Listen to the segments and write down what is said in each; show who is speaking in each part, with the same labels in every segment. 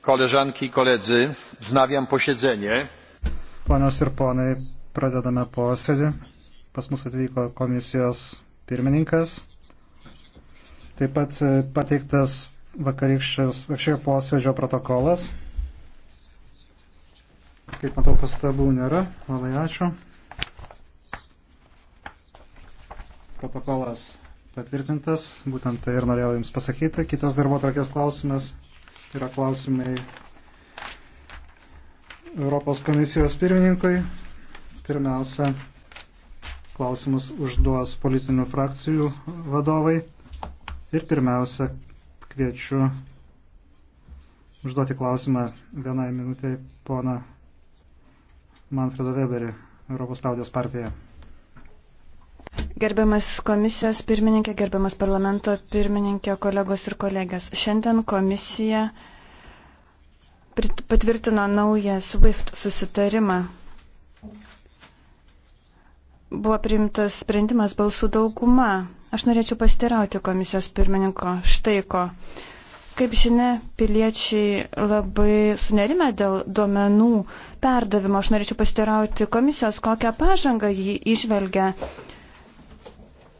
Speaker 1: Koleżanki i koledzy, wznawiam posiedzenie.
Speaker 2: Ponios ir ponai, pradedame posėdį. Pas mus atvyko komisijos pirmininkas. Taip pat e, pateiktas vakarykščio posėdžio protokolas. Kaip matau, pastabų nėra. Labai ačiū. Protokolas patvirtintas, būtent tai ir norėjau Jums pasakyti. Kitas darbo trakės klausimas yra klausimai Europos komisijos pirmininkui. Pirmiausia, klausimus užduos politinių frakcijų vadovai. Ir pirmiausia, kviečiu užduoti klausimą vienai minutiai pona Manfredo Weberį, Europos liaudės partijoje.
Speaker 3: Gerbiamas komisijos pirmininkė, gerbiamas parlamento pirmininkė, kolegos ir kolegės. Šiandien komisija patvirtino naują SWIFT susitarimą. Buvo priimtas sprendimas balsų dauguma. Aš norėčiau pastirauti komisijos pirmininko štai ko. Kaip žinia, piliečiai labai sunerime dėl duomenų perdavimo. Aš norėčiau pasitirauti komisijos, kokią pažangą jį išvelgia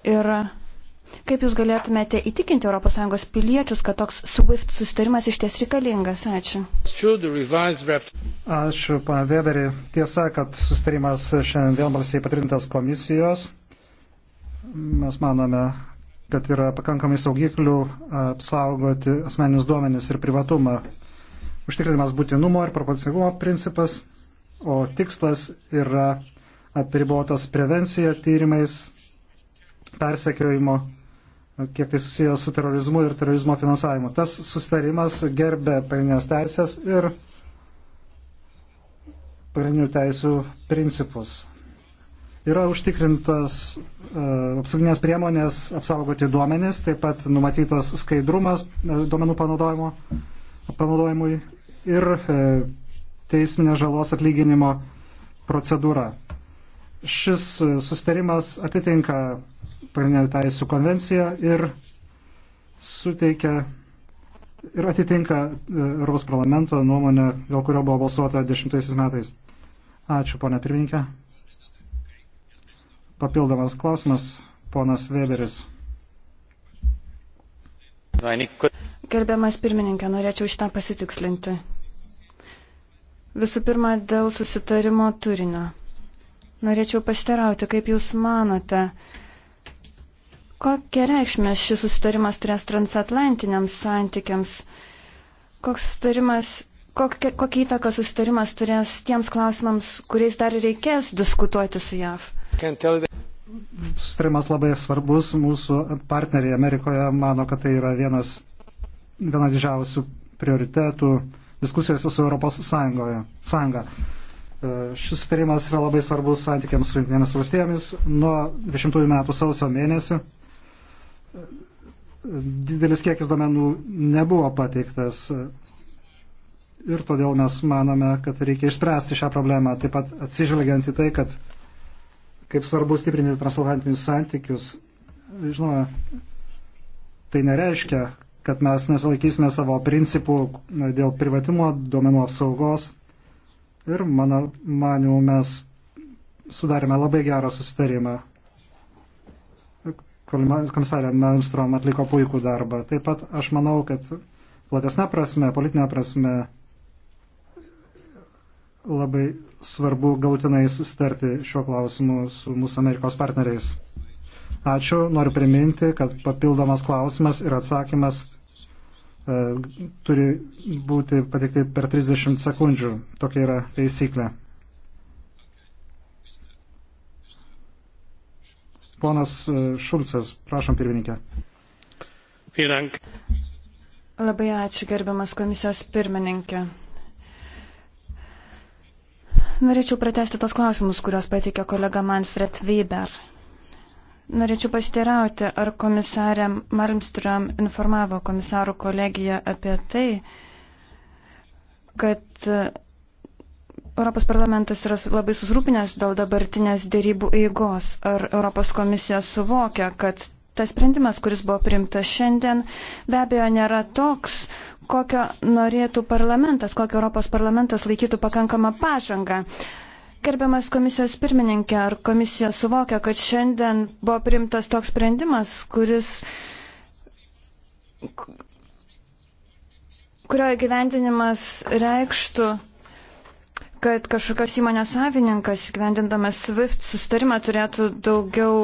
Speaker 3: Ir kaip jūs galėtumėte įtikinti ES piliečius, kad toks SWIFT susitarimas iš ties reikalingas? Ačiū.
Speaker 2: Ačiū, pana Weberi. Tiesa, kad susitarimas šiandien vienbalsiai patrintas komisijos. Mes manome, kad yra pakankamai saugiklių apsaugoti asmeninius duomenis ir privatumą. Užtikrinimas būtinumo ir proporcingumo principas, o tikslas yra apribotas prevencija tyrimais, persekiojimo, kiek tai susijęs su terorizmu ir terorizmo finansavimu. Tas susitarimas gerbė pagrindinės teisės ir pagrindinių teisų principus. Yra užtikrintos uh, apsauginės priemonės apsaugoti duomenis, taip pat numatytos skaidrumas uh, duomenų panaudojimui ir uh, teisminės žalos atlyginimo procedūra. Šis susitarimas atitinka pagrindinių teisų konvenciją ir suteikia ir atitinka e, Europos parlamento nuomonę, dėl kurio buvo balsuota dešimtaisiais metais. Ačiū, ponia pirminkė. Papildomas klausimas, ponas Weberis.
Speaker 3: Gerbiamas pirmininkė, norėčiau šitą pasitikslinti. Visų pirma, dėl susitarimo turinio. Norėčiau pasitarauti, kaip Jūs manote, kokią reikšmę šis susitarimas turės transatlantiniams santykiams? Koks susitarimas, kokia, kokia įtaka susitarimas turės tiems klausimams, kuriais dar reikės diskutuoti su JAV?
Speaker 2: Susitarimas labai svarbus. Mūsų partneriai Amerikoje mano, kad tai yra vienas, viena didžiausių prioritetų diskusijose su Europos Sąjungoje, Sąjunga. E, šis sutarimas yra labai svarbus santykiams su Junktinėmis valstybėmis. Nuo 20 metų sausio mėnesio didelis kiekis domenų nebuvo pateiktas ir todėl mes manome, kad reikia išspręsti šią problemą, taip pat atsižvelgiant į tai, kad kaip svarbu stiprinti transatlantinius santykius, žinoma, tai nereiškia, kad mes nesilaikysime savo principų dėl privatimo duomenų apsaugos ir mano manimu mes sudarėme labai gerą susitarimą. Komisarė Melmstrom atliko puikų darbą. Taip pat aš manau, kad platesnė prasme, politinė prasme labai svarbu galutinai susitarti šiuo klausimu su mūsų Amerikos partneriais. Ačiū, noriu priminti, kad papildomas klausimas ir atsakymas E, turi būti patikti per 30 sekundžių. Tokia yra taisyklė. Ponas e, Šulcas, prašom pirmininkę.
Speaker 3: Labai ačiū, gerbiamas komisijos pirmininkė. Norėčiau pratesti tos klausimus, kuriuos pateikė kolega Manfred Weber. Norėčiau pasiteirauti, ar komisarė Malmström informavo komisarų kolegiją apie tai, kad e, Europos parlamentas yra labai susirūpinęs dėl dabartinės dėrybų eigos. Ar Europos komisija suvokia, kad tas sprendimas, kuris buvo priimtas šiandien, be abejo nėra toks, kokio norėtų parlamentas, kokio Europos parlamentas laikytų pakankamą pažangą. Gerbiamas komisijos pirmininkė, ar komisija suvokia, kad šiandien buvo priimtas toks sprendimas, kuris kurio gyvendinimas reikštų, kad kažkokios įmonės savininkas, gyvendindamas SWIFT sustarimą, turėtų daugiau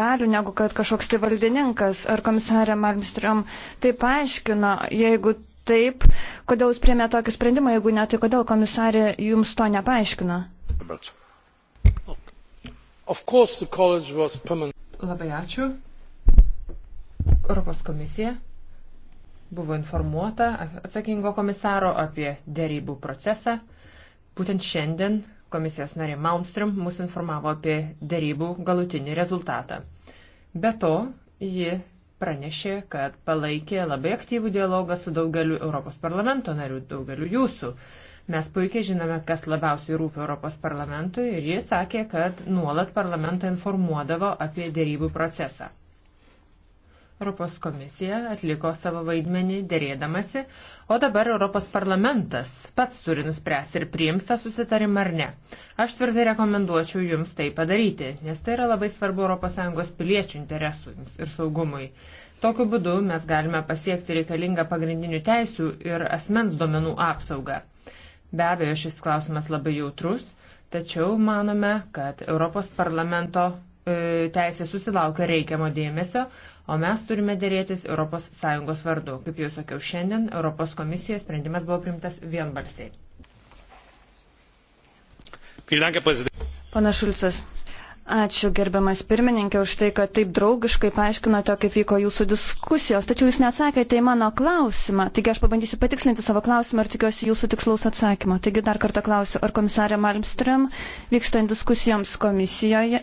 Speaker 3: galių negu kad kažkoks tai valdininkas. Ar komisarė Malmström tai paaiškino, jeigu taip, kodėl jūs priemė tokį sprendimą, jeigu ne, tai kodėl komisarė jums to nepaaiškino?
Speaker 1: Labai ačiū. Europos komisija buvo informuota atsakingo komisaro apie dėrybų procesą. Būtent šiandien komisijos narė Malmström mus informavo apie dėrybų galutinį rezultatą. Be to, ji pranešė, kad palaikė labai aktyvų dialogą su daugeliu Europos parlamento narių, daugeliu jūsų. Mes puikiai žinome, kas labiausiai rūpia Europos parlamentui ir jis sakė, kad nuolat parlamentą informuodavo apie dėrybų procesą. Europos komisija atliko savo vaidmenį dėrėdamasi, o dabar Europos parlamentas pats turi nuspręsti ir priims tą susitarimą ar ne. Aš tvirtai rekomenduočiau jums tai padaryti, nes tai yra labai svarbu ES piliečių interesams ir saugumui. Tokiu būdu mes galime pasiekti reikalingą pagrindinių teisių ir asmens duomenų apsaugą. Be abejo, šis klausimas labai jautrus, tačiau manome, kad Europos parlamento e, teisė susilaukia reikiamo dėmesio, o mes turime dėrėtis ES vardu. Kaip jau sakiau, šiandien Europos komisijoje sprendimas buvo primtas vienbalsiai.
Speaker 3: Pana Šulcas. Ačiū gerbiamas pirmininkė už tai, kad taip draugiškai paaiškinote, kaip vyko jūsų diskusijos, tačiau jūs neatsakėte į mano klausimą. Taigi aš pabandysiu patikslinti savo klausimą ir tikiuosi jūsų tikslaus atsakymo. Taigi dar kartą klausiu, ar komisarė Malmström vykstant diskusijoms komisijoje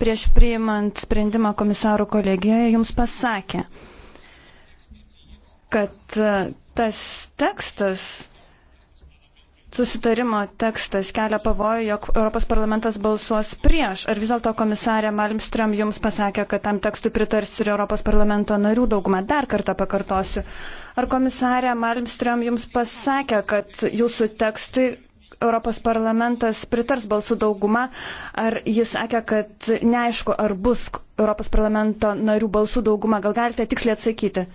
Speaker 3: prieš priimant sprendimą komisarų kolegijoje jums pasakė, kad tas tekstas susitarimo tekstas kelia pavojų, jog Europos parlamentas balsuos prieš. Ar vis dėlto komisarė Malmström jums pasakė, kad tam tekstui pritars ir Europos parlamento narių daugumą? Dar kartą pakartosiu. Ar komisarė Malmström jums pasakė, kad jūsų tekstui Europos parlamentas pritars balsų daugumą? Ar jis sakė, kad neaišku, ar bus Europos parlamento narių
Speaker 1: balsų dauguma? Gal galite tiksliai atsakyti?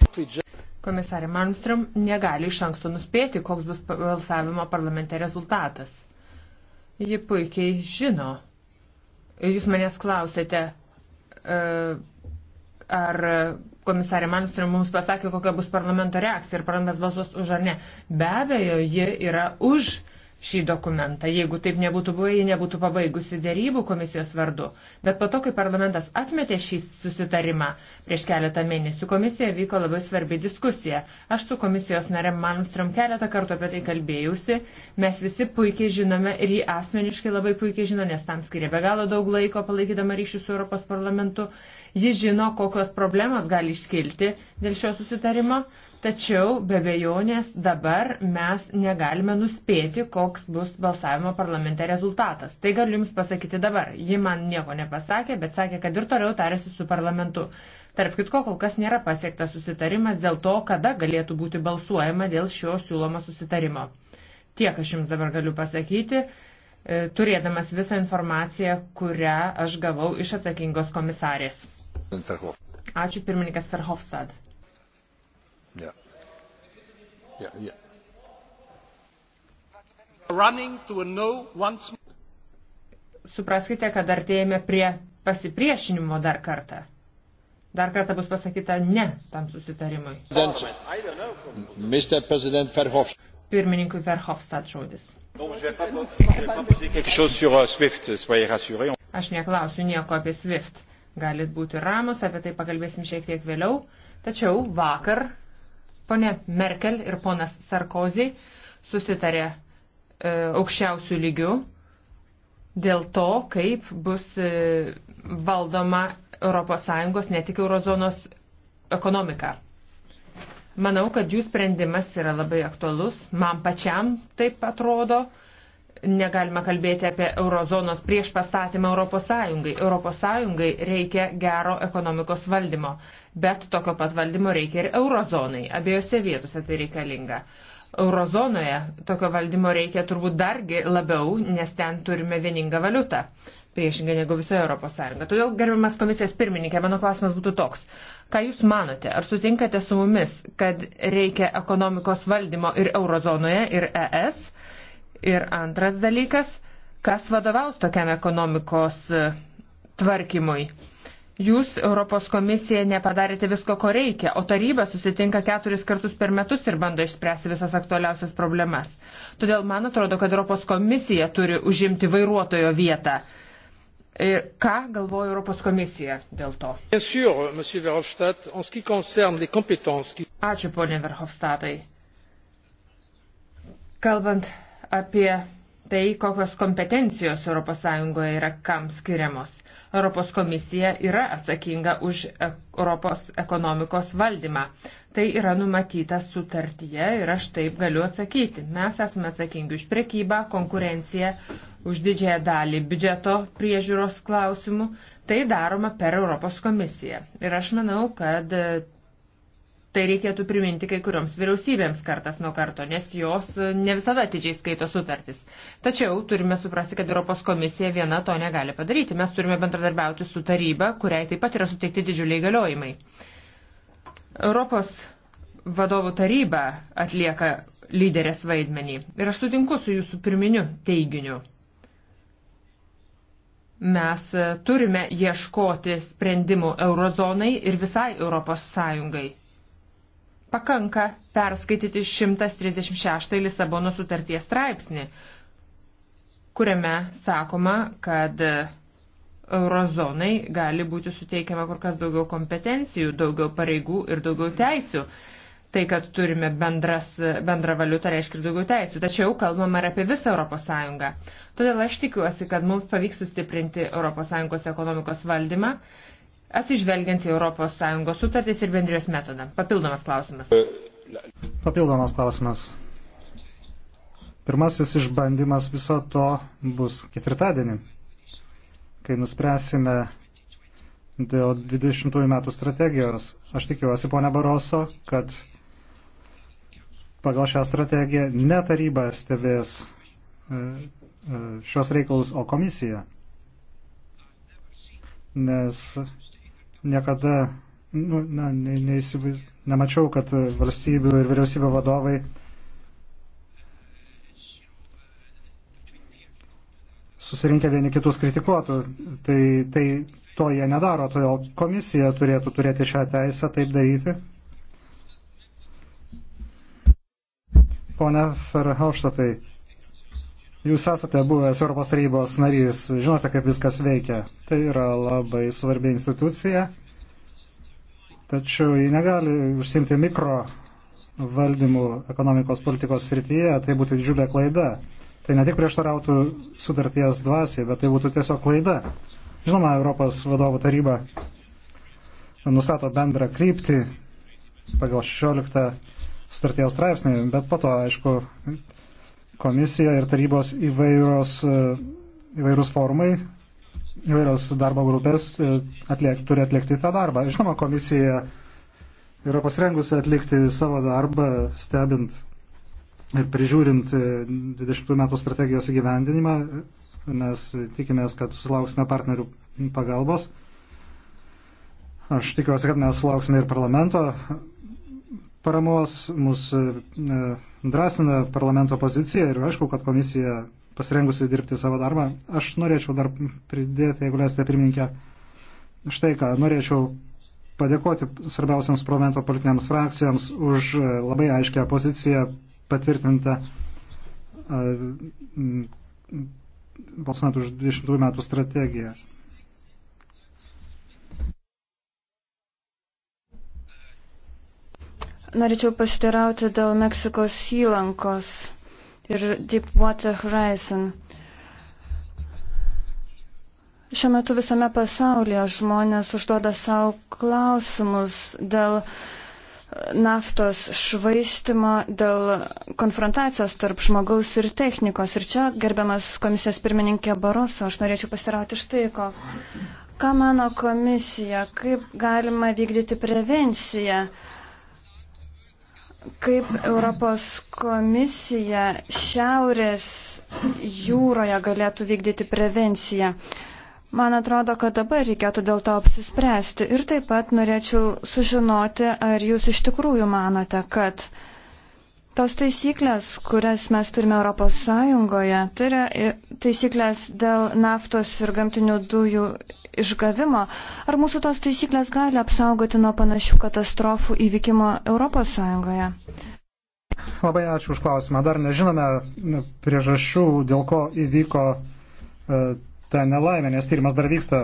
Speaker 1: Komisarė Malmström negali iš anksto nuspėti, koks bus balsavimo parlamente rezultatas. Ji puikiai žino. Jūs manęs klausėte, e, ar komisarė Malmström mums pasakė, kokia bus parlamento reakcija ir parlamentas balsuos už ar ne. Be abejo, ji yra už šį dokumentą. Jeigu taip nebūtų buvę, ji nebūtų pabaigusi dėrybų komisijos vardu. Bet po to, kai parlamentas atmetė šį susitarimą prieš keletą mėnesių, komisija vyko labai svarbi diskusija. Aš su komisijos narėm Malmström keletą kartų apie tai kalbėjausi. Mes visi puikiai žinome ir jį asmeniškai labai puikiai žino, nes tam skiria be galo daug laiko palaikydama ryšių su Europos parlamentu. Ji žino, kokios problemos gali iškilti dėl šio susitarimo. Tačiau be bejonės dabar mes negalime nuspėti, koks bus balsavimo parlamente rezultatas. Tai galiu Jums pasakyti dabar. Ji man nieko nepasakė, bet sakė, kad ir toliau tarėsi su parlamentu. Tarp kitko, kol kas nėra pasiektas susitarimas dėl to, kada galėtų būti balsuojama dėl šio siūlomo susitarimo. Tiek aš Jums dabar galiu pasakyti, e, turėdamas visą informaciją, kurią aš gavau iš atsakingos komisarės. Ačiū pirmininkas Verhofstad. Yeah. Yeah, yeah.
Speaker 2: Running to a no once more
Speaker 1: supraskite, kad artėjame prie pasipriešinimo dar kartą. Dar kartą bus pasakyta ne tam susitarimui. Pirmininkui Verhofstadt žodis. Euh, Aš neklausiu nieko apie SWIFT. Galit būti ramus, apie tai pakalbėsim šiek tiek vėliau. Tačiau vakar Pone Merkel ir ponas Sarkozy susitarė e, aukščiausių lygių dėl to, kaip bus e, valdoma ES, ne tik eurozonos ekonomika. Manau, kad jų sprendimas yra labai aktualus, man pačiam taip atrodo negalime kalbėti apie eurozonos prieš pastatymą ES. ES reikia gero ekonomikos valdymo, bet tokio pat valdymo reikia ir eurozonai. Abiejose vietose tai reikalinga. Eurozonoje tokio valdymo reikia turbūt dargi labiau, nes ten turime vieningą valiutą, priešingai negu visoje ES. Todėl, gerbiamas komisijos pirmininkė, mano klausimas būtų toks. Ką Jūs manote, ar sutinkate su mumis, kad reikia ekonomikos valdymo ir eurozonoje, ir ES? Ir antras dalykas, kas vadovaus tokiam ekonomikos e, tvarkymui. Jūs Europos komisija nepadarėte visko, ko reikia, o taryba susitinka keturis kartus per metus ir bando išspręsti visas aktualiausias problemas. Todėl man atrodo, kad Europos komisija turi užimti vairuotojo vietą. Ir ką galvoja Europos komisija dėl to? Ačiū, ponė Verhofstadtai. Kalbant apie tai, kokios kompetencijos ES yra kam skiriamos. Europos komisija yra atsakinga už e- Europos ekonomikos valdymą. Tai yra numatyta sutartyje ir aš taip galiu atsakyti. Mes esame atsakingi už prekybą, konkurenciją, už didžiąją dalį biudžeto priežiūros klausimų. Tai daroma per Europos komisiją. Ir aš manau, kad Tai reikėtų priminti kai kurioms vyriausybėms kartas nuo karto, nes jos e, ne visada atidžiai skaito sutartis. Tačiau turime suprasti, kad Europos komisija viena to negali padaryti. Mes turime bendradarbiauti su taryba, kuriai taip pat yra suteikti didžiuliai galiojimai. Europos vadovų taryba atlieka lyderės vaidmenį. Ir aš sutinku su jūsų pirminiu teiginiu. Mes e, turime ieškoti sprendimų eurozonai ir visai Europos Sąjungai pakanka perskaityti 136 Lisabono sutarties straipsnį, kuriame sakoma, kad eurozonai gali būti suteikiama kur kas daugiau kompetencijų, daugiau pareigų ir daugiau teisių. Tai, kad turime bendras, bendrą valiutą, reiškia ir daugiau teisų. Tačiau kalbam ir apie visą ES. Todėl aš tikiuosi, kad mums pavyks sustiprinti ES ekonomikos valdymą atsižvelgiant į ES sutartys ir bendrijos metodą. Papildomas klausimas.
Speaker 2: Papildomas klausimas. Pirmasis išbandymas viso to bus ketvirtadienį, kai nuspręsime dėl 20 metų strategijos. Aš tikiuosi, ponia Baroso, kad pagal šią strategiją ne taryba stebės e, e, šios reikalus, o komisija. Nes niekada nu, na, ne, neįsiv... nemačiau, kad valstybių ir vyriausybių vadovai susirinkę vieni kitus kritikuotų. Tai, tai to jie nedaro, todėl komisija turėtų turėti šią teisę taip daryti. Pone Ferhauštatai, Jūs esate buvęs Europos tarybos narys, žinote, kaip viskas veikia. Tai yra labai svarbi institucija, tačiau ji negali užsimti mikro valdymų ekonomikos politikos srityje, tai būtų didžiulė klaida. Tai ne tik prieštarautų sutarties dvasiai, bet tai būtų tiesiog klaida. Žinoma, Europos vadovų taryba nustato bendrą kryptį pagal 16 sutarties straipsnį, bet po to, aišku, komisija ir tarybos įvairios, e, įvairūs forumai, įvairios darbo grupės e, atliek, turi atlikti tą darbą. Žinoma, komisija yra pasirengusi atlikti savo darbą, stebint ir prižiūrint 20 e, metų strategijos įgyvendinimą. Mes tikimės, kad susilauksime partnerių pagalbos. Aš tikiuosi, kad mes sulauksime ir parlamento paramos mus e, e, drąsina parlamento pozicija ir aišku, kad komisija pasirengusi dirbti savo darbą. Aš norėčiau dar pridėti, jeigu leisite pirmininkę, štai ką, norėčiau padėkoti svarbiausiams parlamento politiniams frakcijoms už e, labai aiškę poziciją patvirtintą balsuojant už 20 metų strategiją.
Speaker 3: Norėčiau pasitirauti dėl Meksikos įlankos ir Deepwater Horizon. Šiuo metu visame pasaulyje žmonės užduoda savo klausimus dėl naftos švaistimo, dėl konfrontacijos tarp žmogaus ir technikos. Ir čia, gerbiamas komisijos pirmininkė Baroso, aš norėčiau pasirauti štai ko. Ką mano komisija, kaip galima vykdyti prevenciją? kaip Europos komisija Šiaurės jūroje galėtų vykdyti prevenciją. Man atrodo, kad dabar reikėtų dėl to apsispręsti. Ir taip pat norėčiau sužinoti, ar jūs iš tikrųjų manote, kad uh, Tos taisyklės, kurias mes turime Europos Sąjungoje, tai yra e, taisyklės dėl naftos ir gamtinių dujų išgavimo. Ar mūsų tos taisyklės gali apsaugoti nuo panašių katastrofų įvykimo Europos Sąjungoje?
Speaker 2: Labai ačiū už klausimą. Dar nežinome priežasčių, dėl ko įvyko e, ta nelaimė, nes tyrimas dar vyksta.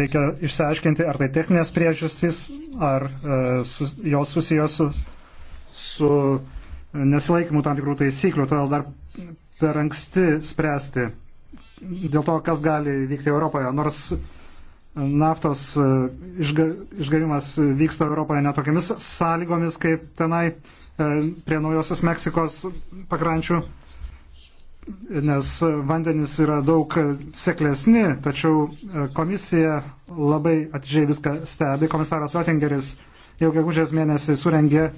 Speaker 2: Reikia išsiaiškinti, ar tai techninės priežastys, ar e, sus, jos susijęs su, su nesilaikymų tam tikrų taisyklių, todėl dar per anksti spręsti dėl to, kas gali vykti Europoje. Nors naftos e, išgavimas vyksta Europoje netokiamis sąlygomis, kaip tenai e, prie naujosios Meksikos pakrančių, nes vandenys yra daug seklesni, tačiau e, komisija labai atidžiai viską stebi. Komisaras Oettingeris jau gegužės mėnesį surengė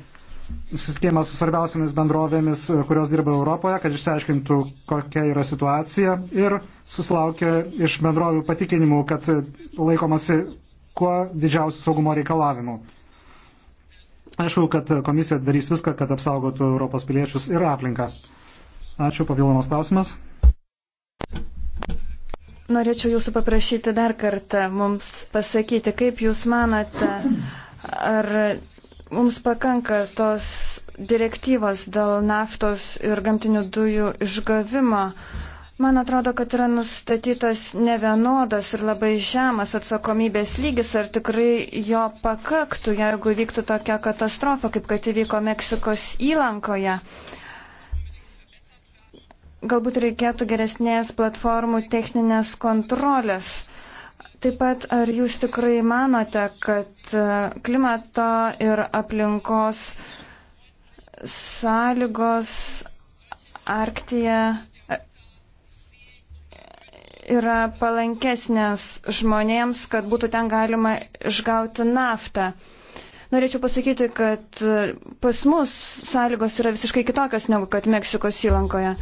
Speaker 2: susitikimas su svarbiausiamis bendrovėmis, e, kurios dirba Europoje, kad išsiaiškintų, kokia yra situacija ir susilaukė iš bendrovių patikinimų, kad laikomasi kuo didžiausių saugumo reikalavimų. Aišku, kad komisija darys viską, kad apsaugotų Europos piliečius ir aplinką. Ačiū, papildomas klausimas.
Speaker 3: Norėčiau jūsų paprašyti dar kartą mums pasakyti, kaip jūs manate, ar Mums pakanka tos direktyvos dėl naftos ir gamtinių dujų išgavimo. Man atrodo, kad yra nustatytas nevienodas ir labai žemas atsakomybės lygis, ar tikrai jo pakaktų, jeigu vyktų tokia katastrofa, kaip kad įvyko Meksikos įlankoje galbūt reikėtų geresnės platformų techninės kontrolės. Taip pat, ar jūs tikrai manote, kad e, klimato ir aplinkos sąlygos Arktija e, yra palankesnės žmonėms, kad būtų ten galima išgauti naftą. Norėčiau pasakyti, kad e, pas mus sąlygos yra visiškai kitokios negu kad Meksikos įlankoje.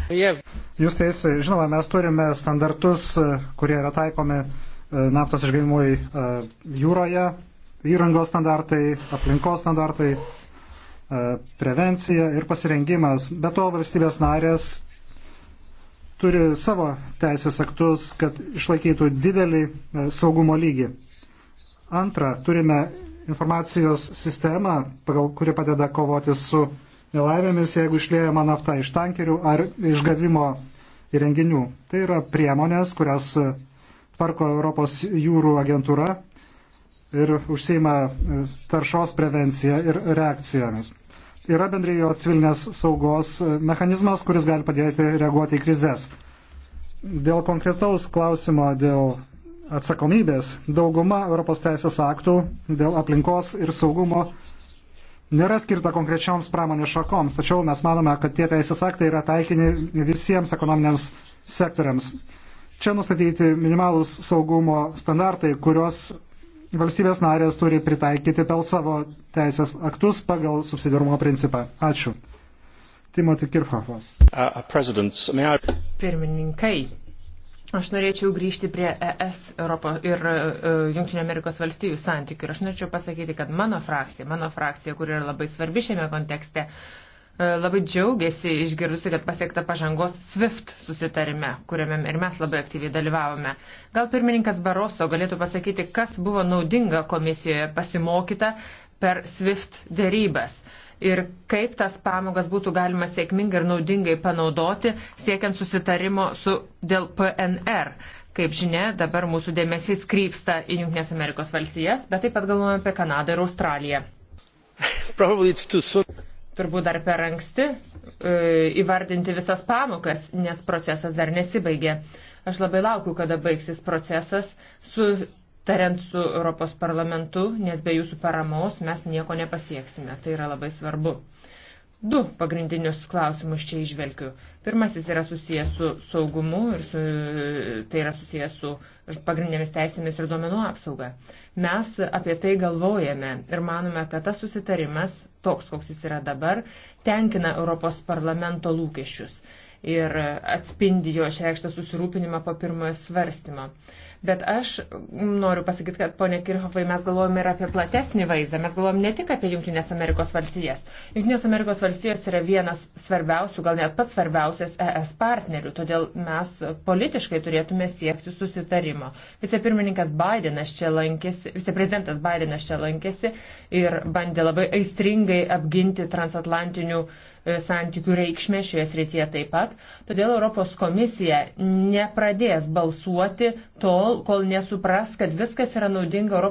Speaker 2: Jūs teisai, žinoma, mes turime standartus, kurie yra taikomi naftos išgavimui e, jūroje, įrangos standartai, aplinkos standartai, e, prevencija ir pasirengimas. Be to valstybės narės turi savo teisės aktus, kad išlaikytų didelį e, saugumo lygį. Antra, turime informacijos sistemą, pagal kuri padeda kovoti su nelaimėmis, jeigu išliejama nafta iš tankerių ar išgavimo įrenginių. Tai yra priemonės, kurias tvarko Europos jūrų agentūra ir užsima e, taršos prevenciją ir reakcijomis. Yra bendrijo civilinės saugos e, mechanizmas, kuris gali padėti reaguoti į krizės. Dėl konkretaus klausimo, dėl atsakomybės, dauguma Europos teisės aktų dėl aplinkos ir saugumo nėra skirta konkrečioms pramonės šakoms, tačiau mes manome, kad tie teisės aktai yra taikini visiems ekonominiams sektoriams. Čia nustatyti minimalus saugumo standartai, kurios valstybės narės turi pritaikyti per savo teisės aktus pagal subsidiarumo principą. Ačiū. Timothy Kirchhoffas. Uh, uh,
Speaker 1: Pirmininkai, Aš norėčiau grįžti prie ES Europo ir uh, uh, Junktinio Amerikos valstijų santykių. Ir aš norėčiau pasakyti, kad mano frakcija, mano frakcija, kur yra labai svarbi šiame kontekste, uh, E, labai džiaugiasi išgirdusi, kad pasiekta pažangos SWIFT susitarime, kuriame ir mes labai aktyviai dalyvavome. Gal pirmininkas Baroso galėtų pasakyti, kas buvo naudinga komisijoje pasimokyta per SWIFT dėrybas ir kaip tas pamokas būtų galima sėkmingai ir naudingai panaudoti, siekiant susitarimo su dėl PNR. Kaip žinia, dabar mūsų dėmesys krypsta į Junktinės Amerikos valstijas, bet taip pat galvojame apie Kanadą ir Australiją. Turbūt dar per anksti e, įvardinti visas pamokas, nes procesas dar nesibaigė. Aš labai laukiu, kada baigsis procesas, sutariant su Europos parlamentu, nes be jūsų paramos mes nieko nepasieksime. Tai yra labai svarbu. Du pagrindinius klausimus čia išvelgiu. Pirmasis yra susijęs su saugumu ir su, tai yra susijęs su pagrindinėmis teisėmis ir duomenų apsauga. Mes apie tai galvojame ir manome, kad tas susitarimas toks, koks jis yra dabar, tenkina Europos parlamento lūkesčius ir atspindi jo išreikštą susirūpinimą po pirmojo svarstymo. Bet aš noriu pasakyti, kad ponė Kirchhoffai mes galvojame ir apie platesnį vaizdą. Mes galvojame ne tik apie Junktinės Amerikos valstijas. Junktinės Amerikos valstijos yra vienas svarbiausių, gal net pats svarbiausias ES partnerių. Todėl mes politiškai turėtume siekti susitarimo. Vicepirmininkas Bidenas čia lankėsi, viceprezidentas Bidenas čia lankėsi ir bandė labai aistringai apginti transatlantinių uh, E, santykių reikšmė šioje srityje taip pat. Todėl Europos komisija nepradės balsuoti tol, kol nesupras, kad viskas yra naudinga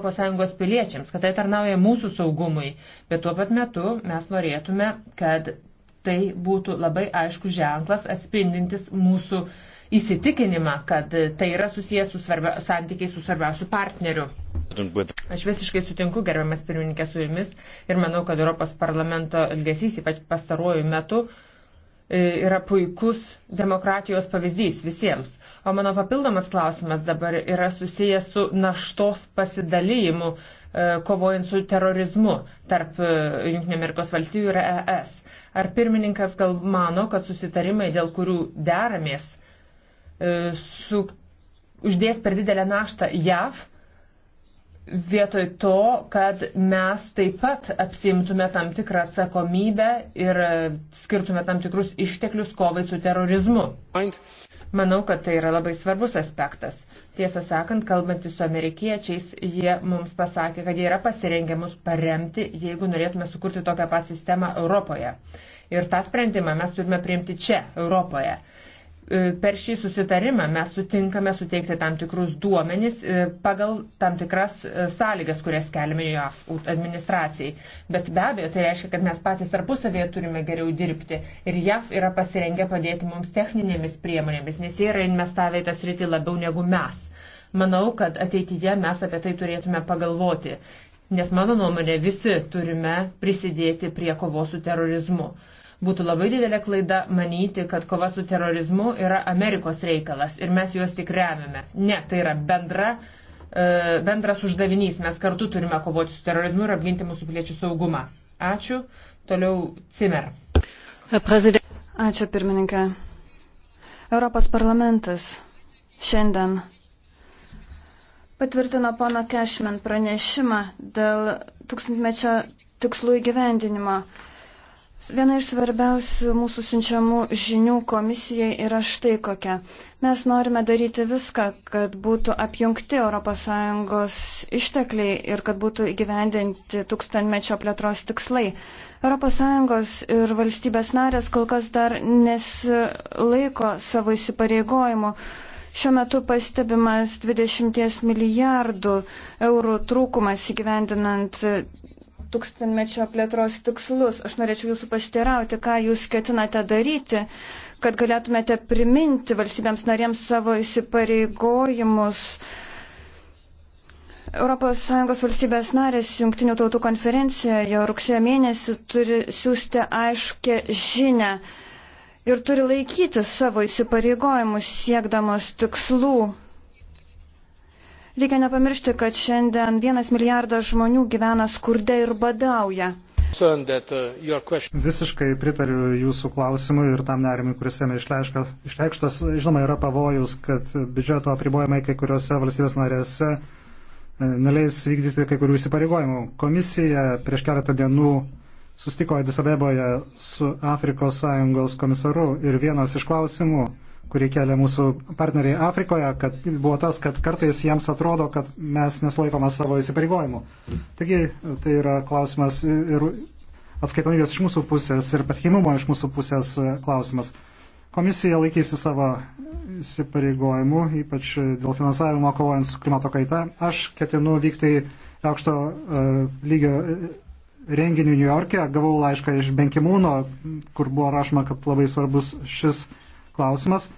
Speaker 1: ES piliečiams, kad tai tarnauja mūsų saugumui. Bet tuo pat metu mes norėtume, kad tai būtų labai aišku ženklas atspindintis mūsų įsitikinimą, kad tai yra susijęs su svarbia, santykiai su svarbiausiu partneriu. Aš visiškai sutinku, gerbiamas pirmininkė, su jumis ir manau, kad Europos parlamento ilgesys, ypač pastaruoju metu, e, yra puikus demokratijos pavyzdys visiems. O mano papildomas klausimas dabar yra susijęs su naštos pasidalymu e, kovojant su terorizmu tarp e, JAV ir ES. Ar pirmininkas gal mano, kad susitarimai, dėl kurių deramės, su, uždės per didelę naštą JAV vietoj to, kad mes taip pat apsimtume tam tikrą atsakomybę ir e, skirtume tam tikrus išteklius kovai su terorizmu. Manau, kad tai yra labai svarbus aspektas. Tiesą sakant, kalbantys su amerikiečiais, jie mums pasakė, kad jie yra pasirengę mus paremti, jeigu norėtume sukurti tokią pat sistemą Europoje. Ir tą sprendimą mes turime priimti čia, Europoje. E, per šį susitarimą mes sutinkame suteikti tam tikrus duomenys e, pagal tam tikras e, sąlygas, kurias keliame JAF administracijai. Bet be abejo, tai reiškia, kad mes patys tarpusavėje turime geriau dirbti ir JAF yra pasirengę padėti mums techninėmis priemonėmis, nes jie yra investavę į tas rytį labiau negu mes. Manau, kad ateityje mes apie tai turėtume pagalvoti, nes mano nuomonė visi turime prisidėti prie kovos su terorizmu. Būtų labai didelė klaida manyti, kad kova su terorizmu yra Amerikos reikalas ir mes juos tik remiame. Ne, tai yra bendra, e, bendras uždavinys. Mes kartu turime kovoti su terorizmu ir apginti mūsų piliečių saugumą. Ačiū. Toliau Cimer. Ačiū
Speaker 3: pirmininkė. Europos parlamentas šiandien patvirtino pono Cashman pranešimą dėl tūkstantmečio tikslų įgyvendinimo. Viena iš svarbiausių mūsų siunčiamų žinių komisijai yra štai kokia. Mes norime daryti viską, kad būtų apjungti ES ištekliai ir kad būtų įgyvendinti tūkstantmečio plėtros tikslai. ES ir valstybės narės kol kas dar nesilaiko savo įsipareigojimų. Šiuo metu pastebimas 20 milijardų eurų trūkumas įgyvendinant tūkstantmečio plėtros tikslus. Aš norėčiau jūsų pasiteirauti, ką jūs ketinate daryti, kad galėtumėte priminti valstybėms narėms savo įsipareigojimus. ES valstybės narės Junktinių tautų konferencijoje rugsėjo mėnesį turi siūsti aiškę žinę ir turi laikyti savo įsipareigojimus siekdamos tikslų Reikia nepamiršti, kad šiandien vienas milijardas žmonių gyvena skurde ir badauja.
Speaker 2: Uh, Visiškai pritariu jūsų klausimui ir tam nerimui, kuris jame išleikštas. Žinoma, yra pavojus, kad biudžeto apribojimai kai kuriuose valstybės narėse e, neleis vykdyti kai kurių įsipareigojimų. Komisija prieš keletą dienų sustiko Adisabeboje su Afrikos Sąjungos komisaru ir vienas iš klausimų kurį kelia mūsų partneriai Afrikoje, kad buvo tas, kad kartais jiems atrodo, kad mes neslaikome savo įsipareigojimų. Taigi tai yra klausimas ir atskaitomybės iš mūsų pusės ir patikimumo iš mūsų pusės e, klausimas. Komisija laikysi savo įsipareigojimų, ypač dėl finansavimo kovojant su klimato kaita. Aš ketinu vykti aukšto uh, lygio e, renginių New York'e, gavau laišką iš Benkimūno, kur buvo rašoma, kad labai svarbus šis klausimas.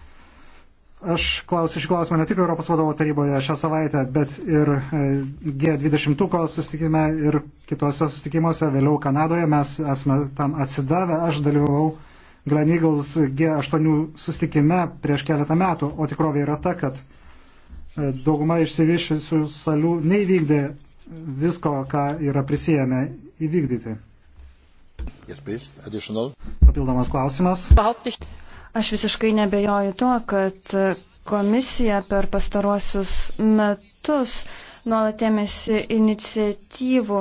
Speaker 2: Aš klausiu šį klausimą ne tik Europos vadovų taryboje šią savaitę, bet ir e, G20 susitikime ir kituose susitikimuose, vėliau Kanadoje mes esame tam atsidavę. Aš dalyvau Glen Eagles G8 susitikime prieš keletą metų, o tikrovė yra ta, kad e, dauguma išsivyšusių salių neįvykdė visko, ką yra prisijėmę įvykdyti. Yes, Papildomas klausimas.
Speaker 3: Aš visiškai nebejoju tuo, kad komisija per pastaruosius metus nuolat ėmėsi iniciatyvų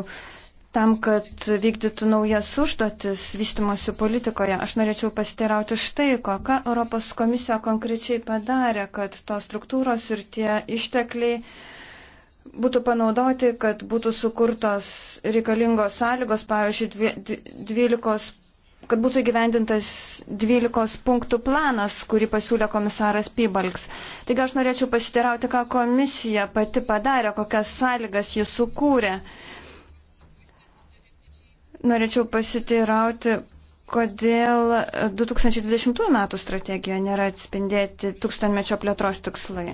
Speaker 3: tam, kad vykdytų naujas užduotis vystimosi politikoje. Aš norėčiau pasiteirauti štai ko, ką Europos komisija konkrečiai padarė, kad tos struktūros ir tie ištekliai būtų panaudoti, kad būtų sukurtos reikalingos sąlygos, pavyzdžiui, 12 kad būtų įgyvendintas 12 punktų planas, kurį pasiūlė komisaras Pybalks. Taigi aš norėčiau pasitirauti, ką komisija pati padarė, kokias sąlygas jis sukūrė. Norėčiau pasitirauti, kodėl 2020 metų strategijoje nėra atspindėti tūkstantmečio plėtros tikslai.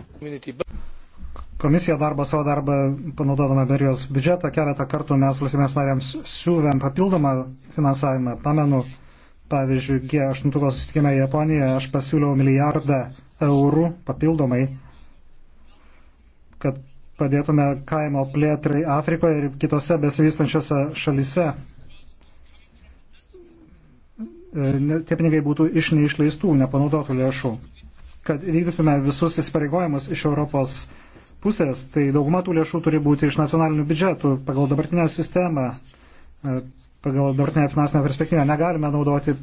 Speaker 2: Komisija darbo savo darbą panaudodama Berijos biudžetą keletą kartų mes valstybėms narėms siūvėm papildomą finansavimą. Pamenu, pavyzdžiui, G8 susitikime Japonijoje aš pasiūliau milijardą eurų papildomai, kad padėtume kaimo plėtrai Afrikoje ir kitose besivystančiose šalise. E, tie pinigai būtų iš neišleistų, nepanaudotų lėšų. Kad vykdytume visus įsipareigojimus iš Europos pusės, tai dauguma tų lėšų turi būti iš nacionalinių biudžetų pagal dabartinę sistemą, e, pagal dabartinę finansinę perspektyvą. Negalime naudoti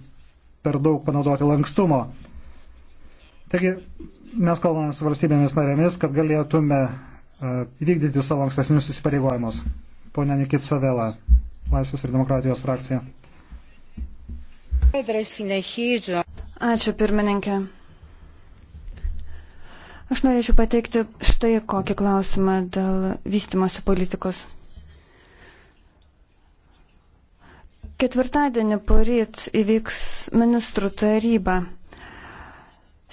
Speaker 2: per daug panaudoti lankstumo. Taigi mes kalbame su valstybėmis narėmis, kad galėtume e, įvykdyti savo ankstesnius įsipareigojimus. Pone Nikit Savela, Laisvės ir demokratijos frakcija.
Speaker 3: Ačiū pirmininkė. Aš norėčiau pateikti štai kokį klausimą dėl vystimosi politikos. Ketvirtadienį poryt įvyks ministrų taryba.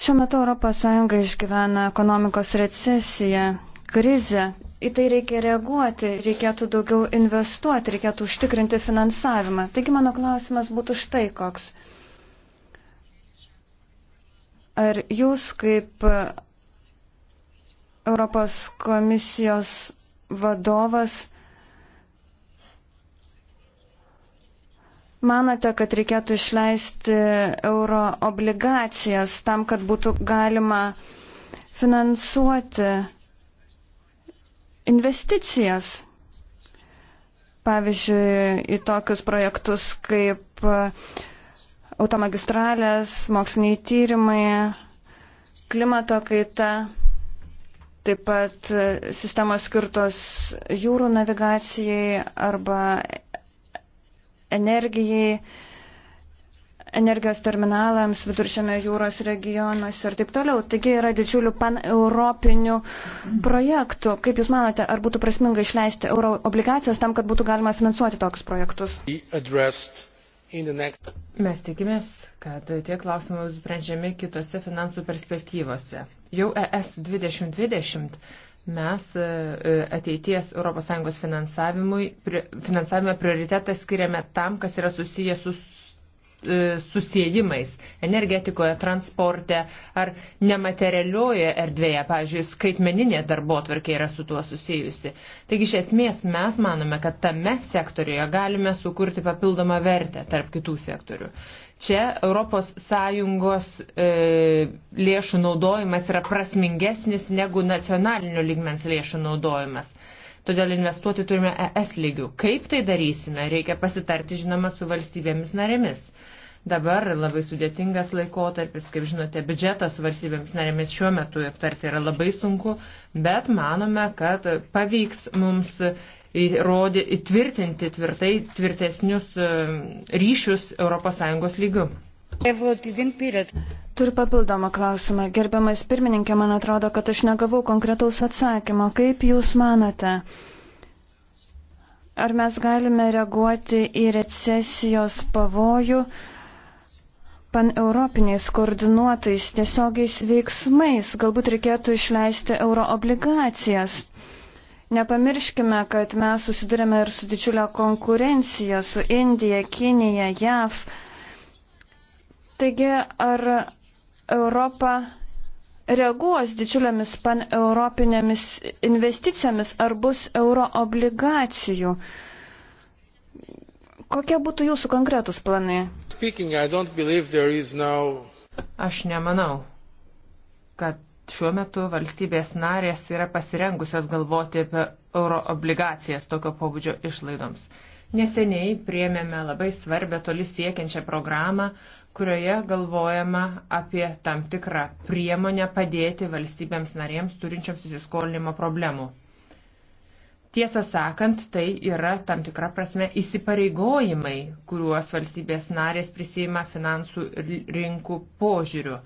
Speaker 3: Šiuo metu ES išgyvena ekonomikos recesiją, krizę. Į tai reikia reaguoti, reikėtų daugiau investuoti, reikėtų užtikrinti finansavimą. Taigi mano klausimas būtų štai koks. Ar jūs kaip Europos komisijos vadovas. Manote, kad reikėtų išleisti euro obligacijas tam, kad būtų galima finansuoti investicijas, pavyzdžiui, į tokius projektus kaip automagistralės, moksliniai tyrimai, klimato kaita. Taip pat e, sistemos skirtos jūrų navigacijai arba energijai, energijos terminalams viduršėme jūros regionuose ir taip toliau. Taigi yra didžiulių paneuropinių projektų. Kaip Jūs manote, ar būtų prasminga išleisti euro obligacijas tam, kad būtų galima finansuoti tokius projektus?
Speaker 1: Mes tikimės, kad tie klausimai bus sprendžiami kitose finansų perspektyvose. Jau ES 2020 mes e, ateities ES finansavimui, finansavime prioritetą skiriame tam, kas yra susijęs su E, susijimais energetikoje, transporte ar nematerialioje erdvėje, pavyzdžiui, skaitmeninė darbo tvarkė yra su tuo susijusi. Taigi iš esmės mes manome, kad tame sektorijoje galime sukurti papildomą vertę tarp kitų sektorių. Čia ES e, lėšų naudojimas yra prasmingesnis negu nacionalinio lygmens lėšų naudojimas todėl investuoti turime ES lygių. Kaip tai darysime, reikia pasitarti žinoma su valstybėmis narėmis. Dabar labai sudėtingas laikotarpis, kaip žinote, biudžetas valstybėms narėmis šiuo metu aptarti yra labai sunku, bet manome, kad pavyks mums įrodė, įtvirtinti tvirtai tvirtesnius e, ryšius ES lygių. Turiu
Speaker 3: papildomą klausimą. Gerbiamas pirmininkė, man atrodo, kad aš negavau konkretaus atsakymo. Kaip Jūs manote? Ar mes galime reaguoti į recesijos pavojų? Uh, paneuropiniais koordinuotais tiesiogiais veiksmais. Galbūt reikėtų išleisti euroobligacijas. Nepamirškime, kad mes susidurėme ir su didžiulė konkurencija su Indija, Kinija, JAV. Taigi, ar Europa reaguos didžiulėmis paneuropinėmis investicijomis, ar bus euroobligacijų? obligacijų?
Speaker 1: Kokie būtų jūsų konkretus planai?
Speaker 4: Speaking, now...
Speaker 1: Aš nemanau, kad šiuo metu valstybės narės yra pasirengusios galvoti apie euro obligacijas tokio pobūdžio išlaidoms. Neseniai priemėme labai svarbę toli siekiančią programą, kurioje galvojama apie tam tikrą priemonę padėti valstybėms narėms turinčioms įsiskolinimo problemų. Tiesą sakant, tai yra tam tikra prasme įsipareigojimai, kuriuos valstybės narės prisima finansų rinkų požiūriu.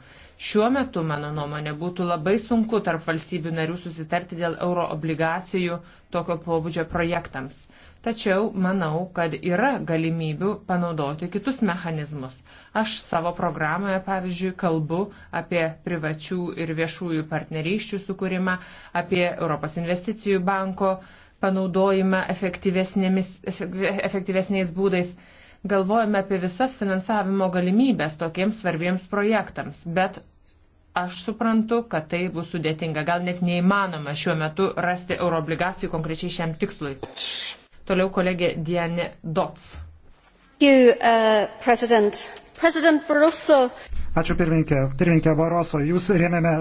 Speaker 1: Šiuo metu, mano nuomonė, būtų labai sunku tarp valstybių narių susitarti dėl euro obligacijų tokio pobūdžio projektams. Tačiau manau, kad yra galimybių panaudoti kitus mechanizmus. Aš savo programoje, pavyzdžiui, kalbu apie privačių ir viešųjų partnerysčių sukūrimą, apie Europos investicijų banko uh, panaudojimą efektyvesniais būdais. Galvojame apie visas finansavimo galimybės tokiems svarbiems projektams, bet aš suprantu, kad tai bus sudėtinga, gal net neįmanoma šiuo metu rasti euroobligacijų konkrečiai šiam tikslui. Toliau kolegė Diane Dots. You, uh, President. President Barroso.
Speaker 2: Ačiū pirmininkė. Pirmininkė Baroso, jūs rėmėme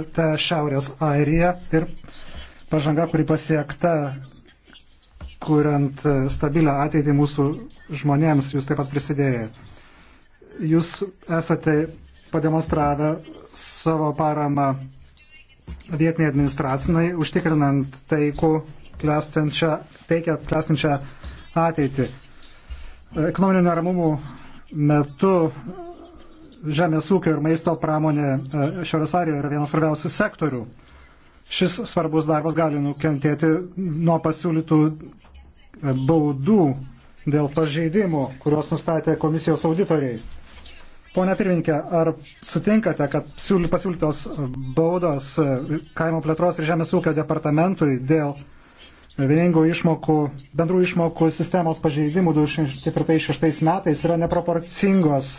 Speaker 2: Šiaurės Airiją ir pažanga, kuri pasiekta kuriant e, stabilę ateitį mūsų žmonėms, jūs taip pat prisidėjote. Jūs esate pademonstravę savo paramą vietiniai administracinai, užtikrinant taikų, klestančią, teikia klestančią ateitį. Ekonominių neramumų metu žemės ūkio ir maisto pramonė e, Šiaurės Arijoje yra vienas svarbiausių sektorių. Šis svarbus darbas gali nukentėti nuo pasiūlytų e, baudų dėl pažeidimų, kuriuos nustatė komisijos auditoriai. Pone pirmininkė, ar sutinkate, kad pasiūlytos baudos e, kaimo plėtros ir žemės ūkio departamentui dėl vieningų išmokų, bendrų išmokų sistemos pažeidimų 2004-2006 metais yra neproporcingos e,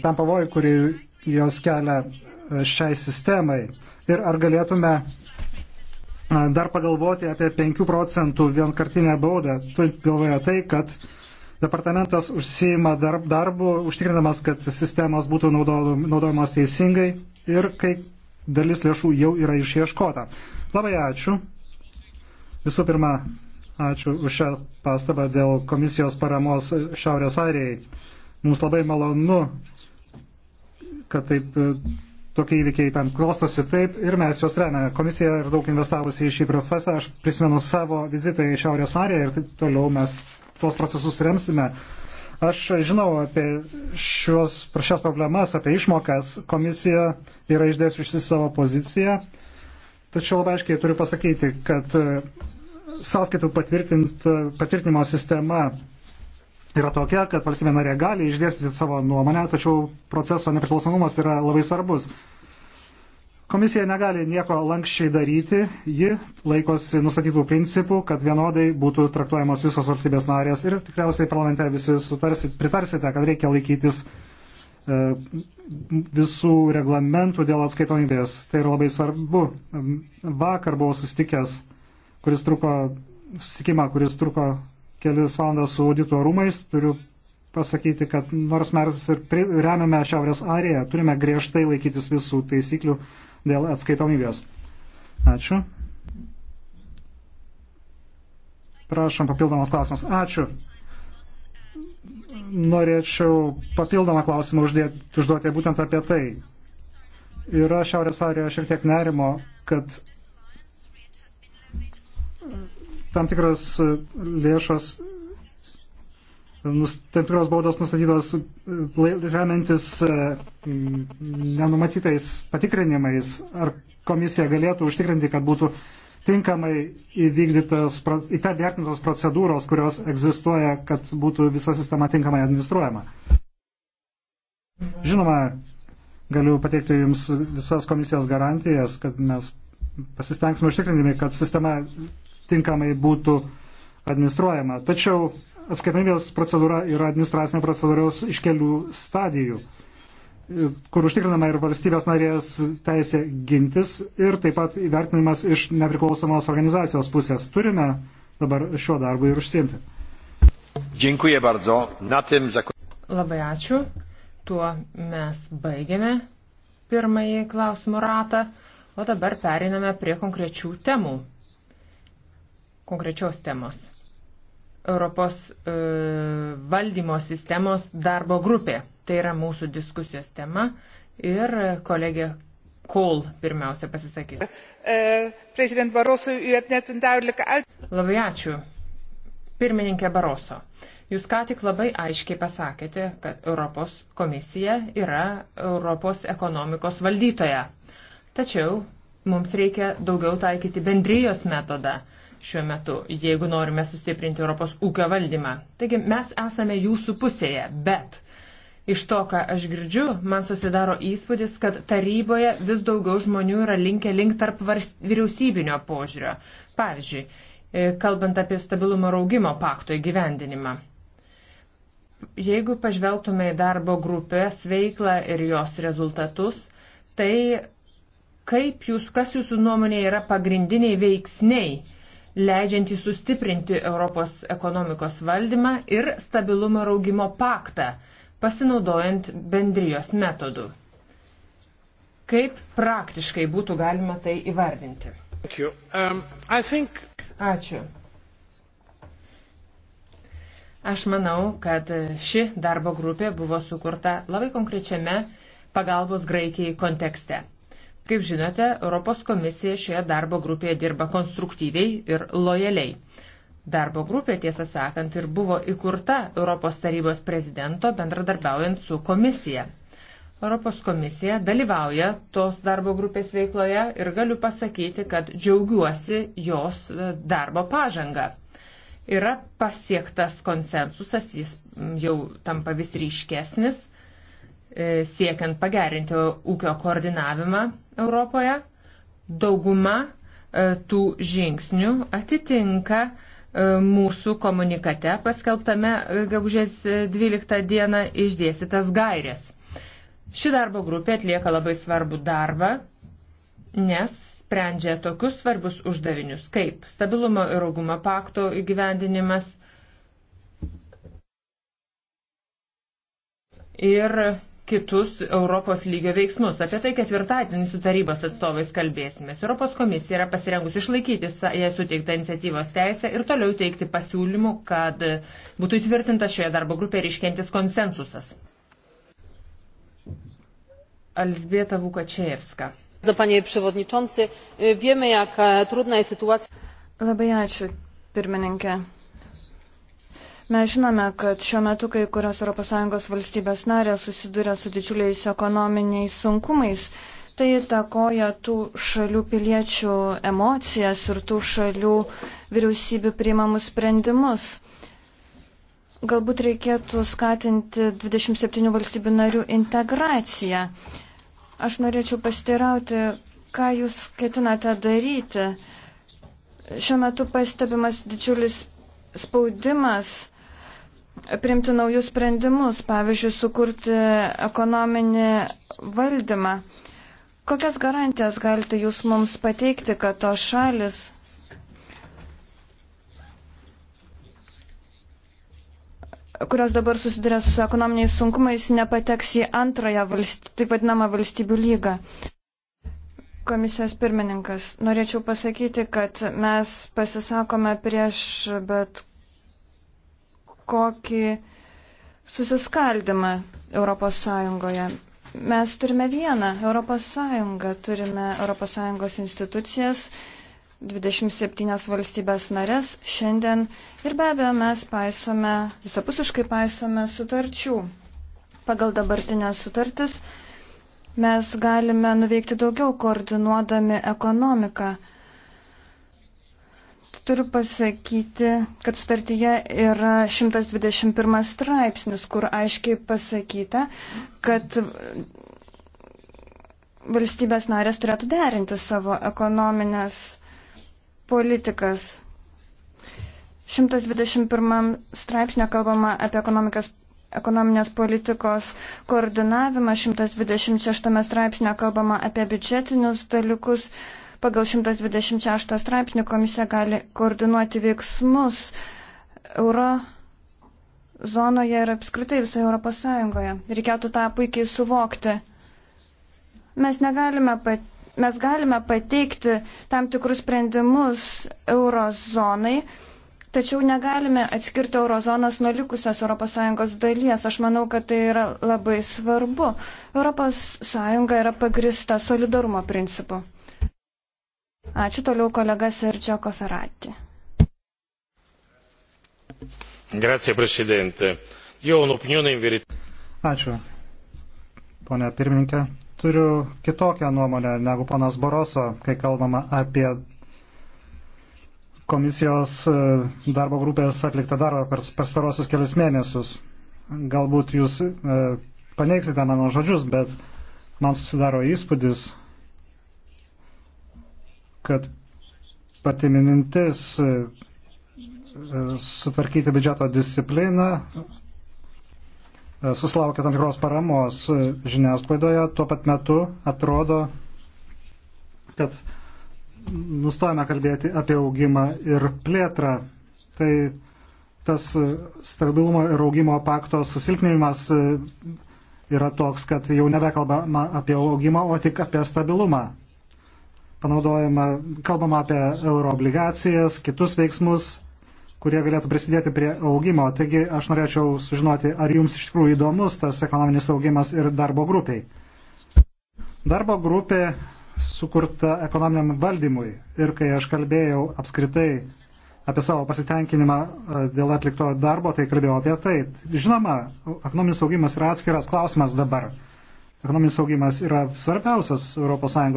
Speaker 2: tam pavojui, kurį jos kelia šiai sistemai? Ir ar galėtume dar pagalvoti apie 5 procentų vienkartinę baudą, turint galvoje tai, kad departamentas užsijima darb, darbu, užtikrinamas, kad sistemas būtų naudojamas teisingai ir kai dalis lėšų jau yra išieškota. Labai ačiū. Visų pirma, ačiū už šią pastabą dėl komisijos paramos Šiaurės Airijai. Mums labai malonu, kad taip tokie įvykiai ten klostosi taip ir mes juos remiame. Komisija yra daug investavusi į šį procesą. Aš prisimenu savo vizitą į Šiaurės Ariją ir taip toliau mes tuos procesus remsime. Aš žinau apie šios, šios problemas, apie išmokas. Komisija yra išdėsiusi savo poziciją. Tačiau labai aiškiai turiu pasakyti, kad e, sąskaitų patvirtinimo sistema yra tokia, kad valstybė narė gali išdėstyti savo nuomonę, tačiau proceso nepriklausomumas yra labai svarbus. Komisija negali nieko lankščiai daryti, ji laikosi nustatytų principų, kad vienodai būtų traktuojamos visos valstybės narės ir tikriausiai parlamente visi sutarsit, pritarsite, kad reikia laikytis e, visų reglamentų dėl atskaitomybės. Tai yra labai svarbu. Vakar buvau susitikęs, kuris truko, susitikimą, kuris truko kelias valandas su audito rūmais, turiu pasakyti, kad nors mes ir remiame Šiaurės Ariją, turime griežtai laikytis visų taisyklių dėl atskaitomybės. Ačiū. Prašom, papildomas klausimas. Ačiū. Norėčiau papildomą klausimą uždėti, užduoti būtent apie tai. Yra Šiaurės Arijoje šiek tiek nerimo, kad tam tikras lėšas, tam tikros baudos nustatytos remiantis e, nenumatytais patikrinimais, ar komisija galėtų užtikrinti, kad būtų tinkamai įvykdytos, įvertintos procedūros, kurios egzistuoja, kad būtų visa sistema tinkamai administruojama. Žinoma, galiu pateikti Jums visas komisijos garantijas, kad mes pasistengsime užtikrindami, kad sistema tinkamai būtų administruojama. Tačiau atskaitomybės procedūra yra administracinė procedūros iš kelių stadijų, kur užtikrinama ir valstybės narės teisė gintis ir taip pat įvertinimas iš nepriklausomos organizacijos pusės. Turime dabar šiuo darbu ir užsiimti.
Speaker 1: Dziękuję bardzo. Na tym Labai ačiū. Tuo mes baigėme pirmąjį klausimų ratą. O dabar pereiname prie konkrečių temų. Konkrečios temos. Europos e, valdymo sistemos darbo grupė. Tai yra mūsų diskusijos tema ir kolegė Kool pirmiausia pasisakys. E, prezident Baroso, jūs net duidelijke uit. Labai ačiū. Pirmininkė Baroso, jūs ką tik labai aiškiai pasakėte, kad Europos komisija yra Europos ekonomikos valdytoja. Tačiau mums reikia daugiau taikyti bendrijos metodą šiuo metu, jeigu norime sustiprinti Europos ūkio valdymą. Taigi mes esame jūsų pusėje, bet iš to, ką aš girdžiu, man susidaro įspūdis, kad taryboje vis daugiau žmonių yra linkę link tarp vyriausybinio požiūrio. Pavyzdžiui, e, kalbant apie stabilumo raugimo pakto įgyvendinimą. Jeigu pažvelgtume į darbo grupės veiklą ir jos rezultatus, tai kaip jūs, kas jūsų nuomonė yra pagrindiniai veiksniai, leidžiantys sustiprinti Europos ekonomikos valdymą ir stabilumo ir augimo paktą, pasinaudojant bendrijos metodų. Kaip praktiškai būtų galima tai įvardinti? Um, think... Ačiū. Aš manau, kad ši darbo grupė buvo sukurta labai konkrečiame pagalbos Graikijai kontekste. Kaip žinote, Europos komisija šioje darbo grupėje dirba konstruktyviai ir lojaliai. Darbo grupė, tiesą sakant, ir buvo įkurta Europos tarybos prezidento bendradarbiaujant su komisija. Europos komisija dalyvauja tos darbo grupės veikloje ir galiu pasakyti, kad džiaugiuosi jos e, darbo pažanga. Yra pasiektas konsensusas, jis jau tampa vis ryškesnis E, siekiant pagerinti ūkio koordinavimą Europoje, dauguma e, tų žingsnių atitinka e, mūsų komunikate paskelbtame gegužės 12 dieną išdėstytas gairės. Ši darbo grupė atlieka labai svarbų darbą, nes sprendžia tokius svarbius uždavinius kaip stabilumo ir augumo pakto įgyvendinimas ir kitus Europos lygio veiksmus. Apie tai ketvirtadienį su tarybos atstovais kalbėsimės. Europos komisija yra pasirengusi išlaikyti jai suteiktą iniciatyvos teisę ir toliau teikti pasiūlymų, kad būtų įtvirtintas šioje darbo grupėje ryškiantis konsensusas. Alzbieta Vukačievska.
Speaker 3: Panie Przewodniczący, wiemy, jak trudna jest sytuacja. Labai ačiū, pirmininkė. Mes žinome, kad šiuo metu kai kurios ES valstybės narės susiduria su didžiuliais ekonominiais sunkumais. Tai įtakoja tų šalių piliečių emocijas ir tų šalių vyriausybių priimamus sprendimus. Galbūt reikėtų skatinti 27 valstybių narių integraciją. Aš norėčiau pasiteirauti, ką jūs ketinate daryti. Šiuo metu pastebimas didžiulis spaudimas priimti naujus sprendimus, pavyzdžiui, sukurti ekonominį valdymą. Kokias garantijas galite jūs mums pateikti, kad tos šalis kurios dabar susiduria su ekonominiais sunkumais, nepateks į antrąją, valst, taip vadinamą, valstybių lygą. Komisijos pirmininkas, norėčiau pasakyti, kad mes pasisakome prieš bet kokį susiskaldimą Europos Sąjungoje. Mes turime vieną Europos Sąjungą, turime Europos Sąjungos institucijas, 27 valstybės narės šiandien ir be abejo mes paisome, visapusiškai paisome sutarčių. Pagal dabartinės sutartis mes galime nuveikti daugiau koordinuodami ekonomiką. Turiu pasakyti, kad sutartyje yra 121 straipsnis, kur aiškiai pasakyta, kad valstybės narės turėtų derinti savo ekonominės politikas. 121 straipsnė kalbama apie ekonomikas ekonominės politikos koordinavimą, 126 straipsnė kalbama apie biudžetinius dalykus, Pagal 126 straipsnį komisija gali koordinuoti veiksmus euro zonoje ir apskritai visoje Europos Sąjungoje. Reikėtų tą puikiai suvokti. Mes negalime pat mes galime pateikti tam tikrus sprendimus eurozonai, tačiau negalime atskirti eurozonos nuo likusios ES dalies. Aš manau, kad tai yra labai svarbu. ES yra pagrista solidarumo principu. Ačiū toliau kolega Sergio Koferati.
Speaker 4: Grazie, Presidente. Jo unopinione in verità.
Speaker 2: Ačiū. Pone pirmininkė, turiu kitokią nuomonę negu ponas Boroso, kai kalbama apie komisijos e, darbo grupės atliktą darbą per pastarosius kelius mėnesius. Galbūt jūs e, paneiksite mano žodžius, bet man susidaro įspūdis, kad pati minintis e, e, sutvarkyti biudžeto discipliną e, susilaukia tam tikros paramos žiniasklaidoje, tuo pat metu atrodo, kad nustojame kalbėti apie augimą ir plėtrą. Tai tas stabilumo ir augimo pakto susilpnėjimas yra toks, kad jau nebekalbama apie augimą, o tik apie stabilumą panaudojama, kalbama apie euroobligacijas, kitus veiksmus, kurie galėtų prisidėti prie augimo. Taigi aš norėčiau sužinoti, ar jums iš tikrųjų įdomus tas ekonominis augimas ir darbo grupiai. Darbo grupė sukurta ekonominiam valdymui ir kai aš kalbėjau apskritai apie savo pasitenkinimą e, dėl atlikto darbo, tai kalbėjau apie tai. Žinoma, ekonominis augimas yra atskiras klausimas dabar. Ekonominis augimas yra svarbiausias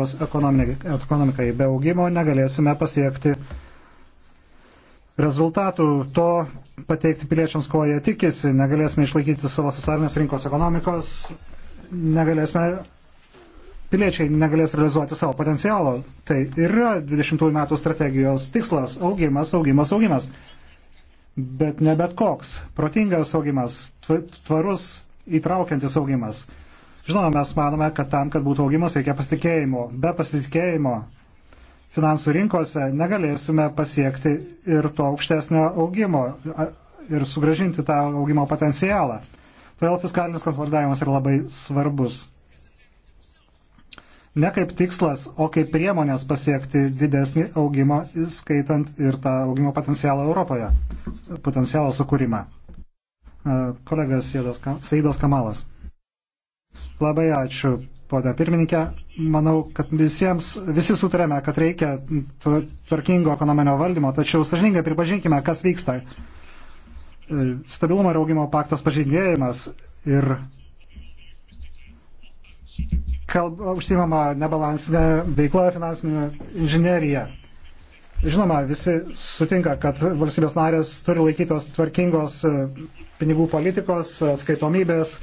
Speaker 2: ES ekonomikai. Be augimo negalėsime pasiekti rezultatų, to pateikti piliečiams, ko jie tikisi, negalėsime išlaikyti savo socialinės rinkos ekonomikos, negalėsime, piliečiai negalės realizuoti savo potencialo. Tai yra 20 metų strategijos tikslas - augimas, augimas, augimas. Bet ne bet koks - protingas augimas, tvarus, įtraukiantis augimas. Žinoma, mes manome, kad tam, kad būtų augimas, reikia pasitikėjimo. Be pasitikėjimo finansų rinkose negalėsime pasiekti ir to aukštesnio augimo ir sugražinti tą augimo potencialą. Todėl fiskalinis konsolidavimas yra labai svarbus. Ne kaip tikslas, o kaip priemonės pasiekti didesnį augimą, skaitant ir tą augimo potencialą Europoje, potencialą sukūrimą. Kolegas Seidas Kamalas. Labai ačiū, ponia pirmininkė. Manau, kad visiems, visi sutarėme, kad reikia tvarkingo ekonominio valdymo, tačiau sažininkai pripažinkime, kas vyksta. E, stabilumo ir augimo paktas pažydėjimas ir kalb, užsimama nebalansinė veikla finansinė inžinierija. Žinoma, visi sutinka, kad valstybės narės turi laikytos tvarkingos e, pinigų politikos, e, skaitomybės,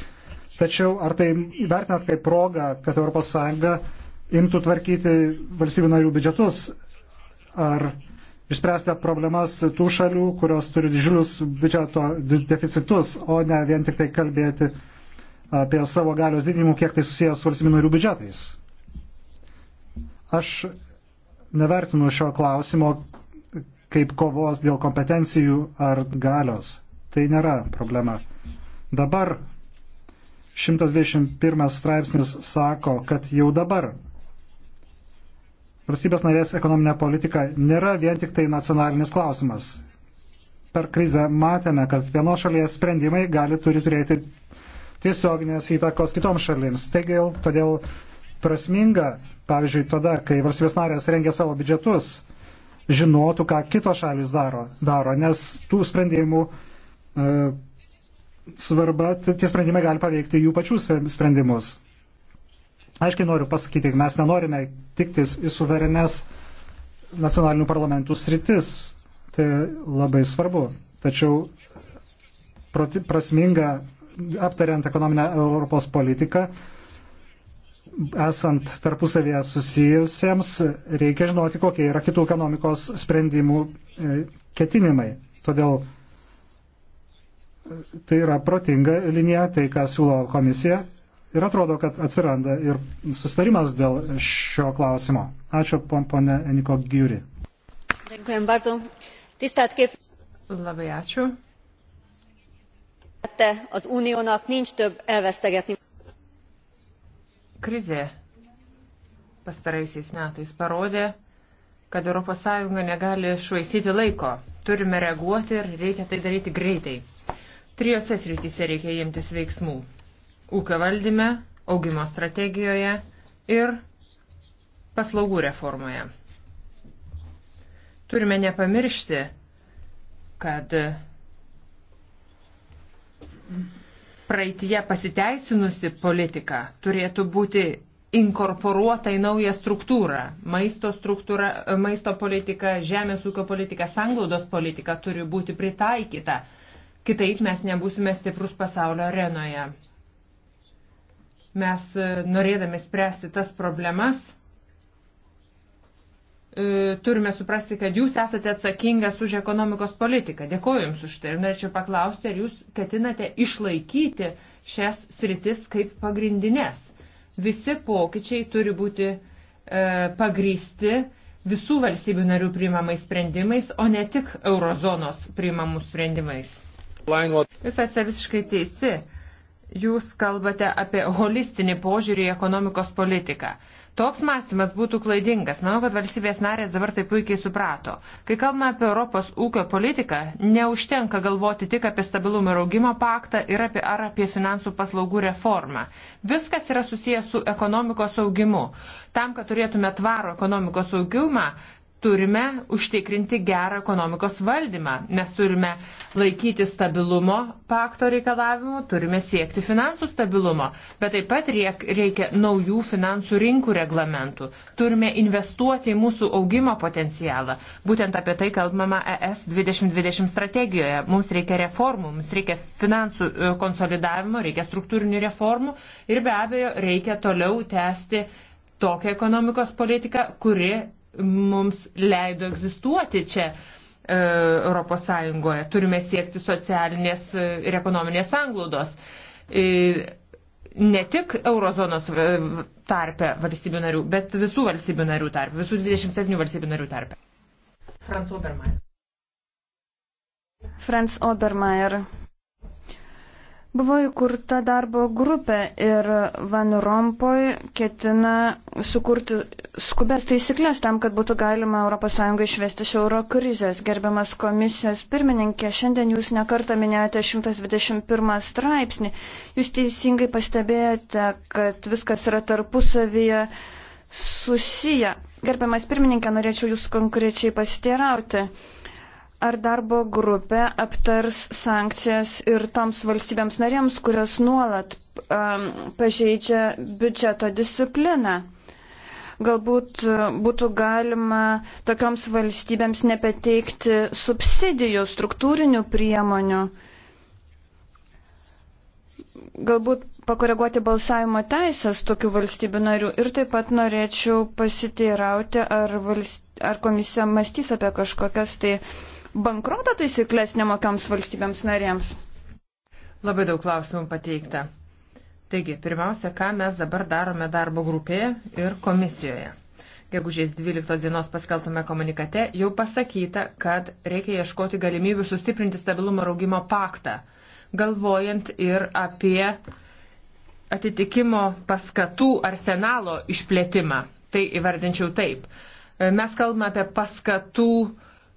Speaker 2: Tačiau ar tai vertinat kaip progą, kad ES imtų tvarkyti valstybių narių biudžetus, ar išspręsti problemas tų šalių, kurios turi didžiulius biudžeto deficitus, o ne vien tik tai kalbėti apie savo galios didinimų, kiek tai susijęs su valstybių narių biudžetais. Aš nevertinu šio klausimo kaip kovos dėl kompetencijų ar galios. Tai nėra problema. Dabar 121 straipsnis sako, kad jau dabar valstybės narės ekonominė politika nėra vien tik tai nacionalinis klausimas. Per krizę matėme, kad vienos šalies sprendimai gali turi turėti tiesioginės įtakos kitoms šalims. Taigi, todėl prasminga, pavyzdžiui, tada, kai valstybės narės rengia savo biudžetus, žinotų, ką kitos šalis daro, daro nes tų sprendimų e, svarba, tie sprendimai gali paveikti jų pačių sprendimus. Aiškiai noriu pasakyti, mes nenorime tiktis į suverenes nacionalinių parlamentų sritis. Tai labai svarbu. Tačiau prasminga aptariant ekonominę Europos politiką, esant tarpusavėje susijusiems, reikia žinoti, kokie yra kitų ekonomikos sprendimų e, ketinimai. Todėl tai yra protinga linija, tai ką siūlo komisija. Ir atrodo, kad atsiranda ir sustarimas dėl šio klausimo. Ačiū, ponė Eniko Gyuri.
Speaker 3: Labai ačiū. Az uniónak nincs több elvesztegetni.
Speaker 1: Krize pastaraisiais metais parodė, kad ES negali švaistyti laiko. Turime reaguoti ir reikia tai daryti greitai. Trijose srityse reikia imtis veiksmų - ūkio valdyme, augimo strategijoje ir paslaugų reformoje. Turime nepamiršti, kad praeitie pasiteisinusi politika turėtų būti inkorporuota į naują struktūrą. Maisto, struktūra, maisto politika, žemės ūkio politika, sanglaudos politika turi būti pritaikyta Kitaip mes nebūsime stiprus pasaulio arenoje. Mes e, norėdami spręsti tas problemas, e, turime suprasti, kad jūs esate atsakingas už ekonomikos politiką. Dėkuoju Jums už tai ir norėčiau paklausti, ar Jūs ketinate išlaikyti šias sritis kaip pagrindinės. Visi pokyčiai turi būti e, pagrysti visų valstybių narių priimamais sprendimais, o ne tik eurozonos priimamų sprendimais. Jūs esate visiškai teisi. Jūs kalbate apie holistinį požiūrį į ekonomikos politiką. Toks mąstymas būtų klaidingas. Manau, kad valstybės narės dabar tai puikiai suprato. Kai kalbame apie Europos ūkio politiką, neužtenka galvoti tik apie stabilumo ir augimo paktą ir apie, ar apie finansų paslaugų reformą. Viskas yra susijęs su ekonomikos augimu. Tam, kad turėtume tvaro ekonomikos augimą, turime užtikrinti gerą ekonomikos valdymą. Mes turime laikyti stabilumo pakto reikalavimų, turime siekti finansų stabilumo, bet taip pat reikia naujų finansų rinkų reglamentų. Turime investuoti į mūsų augimo potencialą. Būtent apie tai kalbama ES 2020 strategijoje. Mums reikia reformų, mums reikia finansų e, konsolidavimo, reikia struktūrinių reformų ir be abejo reikia toliau tęsti tokią ekonomikos politiką, kuri mums leido egzistuoti čia. E, Europos Sąjungoje turime siekti socialinės e, ir ekonominės sanglaudos e, ne tik eurozonos tarpe valstybių narių, bet visų valstybių narių tarpe, visų 27 valstybių narių tarpe. Franz Obermeier.
Speaker 3: Franz Obermeier. Buvo įkurta darbo grupė ir Van Rompoj ketina sukurti skubės taisyklės tam, kad būtų galima ES išvesti iš euro krizės. Gerbiamas komisijos pirmininkė, šiandien jūs nekartą minėjote 121 straipsnį. Jūs teisingai pastebėjote, kad viskas yra tarpusavyje susiję. Gerbiamas pirmininkė, norėčiau jūs konkrečiai pasiteirauti ar darbo grupė aptars sankcijas ir toms valstybėms narėms, kurios nuolat um, pažeidžia biudžeto discipliną. Galbūt uh, būtų galima tokioms valstybėms nepateikti subsidijų, struktūrinių priemonių. Galbūt pakoreguoti balsavimo teisės tokių valstybių narių. Ir taip pat norėčiau pasiteirauti, ar, valst... ar komisija mąstys apie kažkokias tai uh,
Speaker 1: bankroto taisyklės nemokioms valstybėms narėms? Labai daug klausimų pateikta. Taigi, pirmiausia, ką mes dabar darome darbo grupėje ir komisijoje. Gegužės 12 dienos paskeltame komunikate jau pasakyta, kad reikia ieškoti galimybių sustiprinti stabilumo ir augimo paktą, galvojant ir apie atitikimo paskatų arsenalo išplėtimą. Tai įvardinčiau taip. Mes kalbame apie paskatų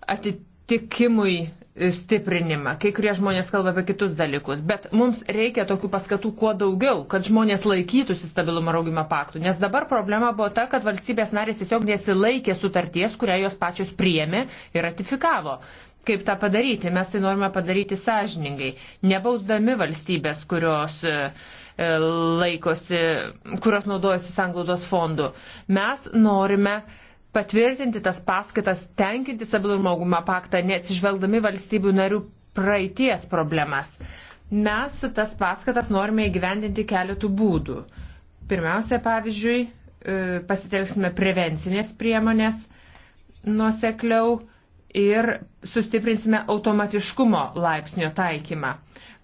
Speaker 1: atitikimą tikimui e, stiprinimą. Kai kurie žmonės kalba apie kitus dalykus, bet mums reikia tokių paskatų kuo daugiau, kad žmonės laikytųsi stabilumo raugimo paktų. Nes dabar problema buvo ta, kad valstybės narės tiesiog nesilaikė sutarties, kurią jos pačios priėmė ir ratifikavo. Kaip tą padaryti? Mes tai norime padaryti sąžiningai, nebausdami valstybės, kurios e, e, laikosi, kurios naudojasi sanglaudos fondu. Mes norime patvirtinti tas paskaitas, tenkinti stabilumo augumo paktą, neatsižvelgdami valstybių narių praeities problemas. Mes tas paskatas norime įgyvendinti keletų būdų. Pirmiausia, pavyzdžiui, e, pasitelksime prevencinės priemonės nuosekliau ir sustiprinsime automatiškumo laipsnio taikymą.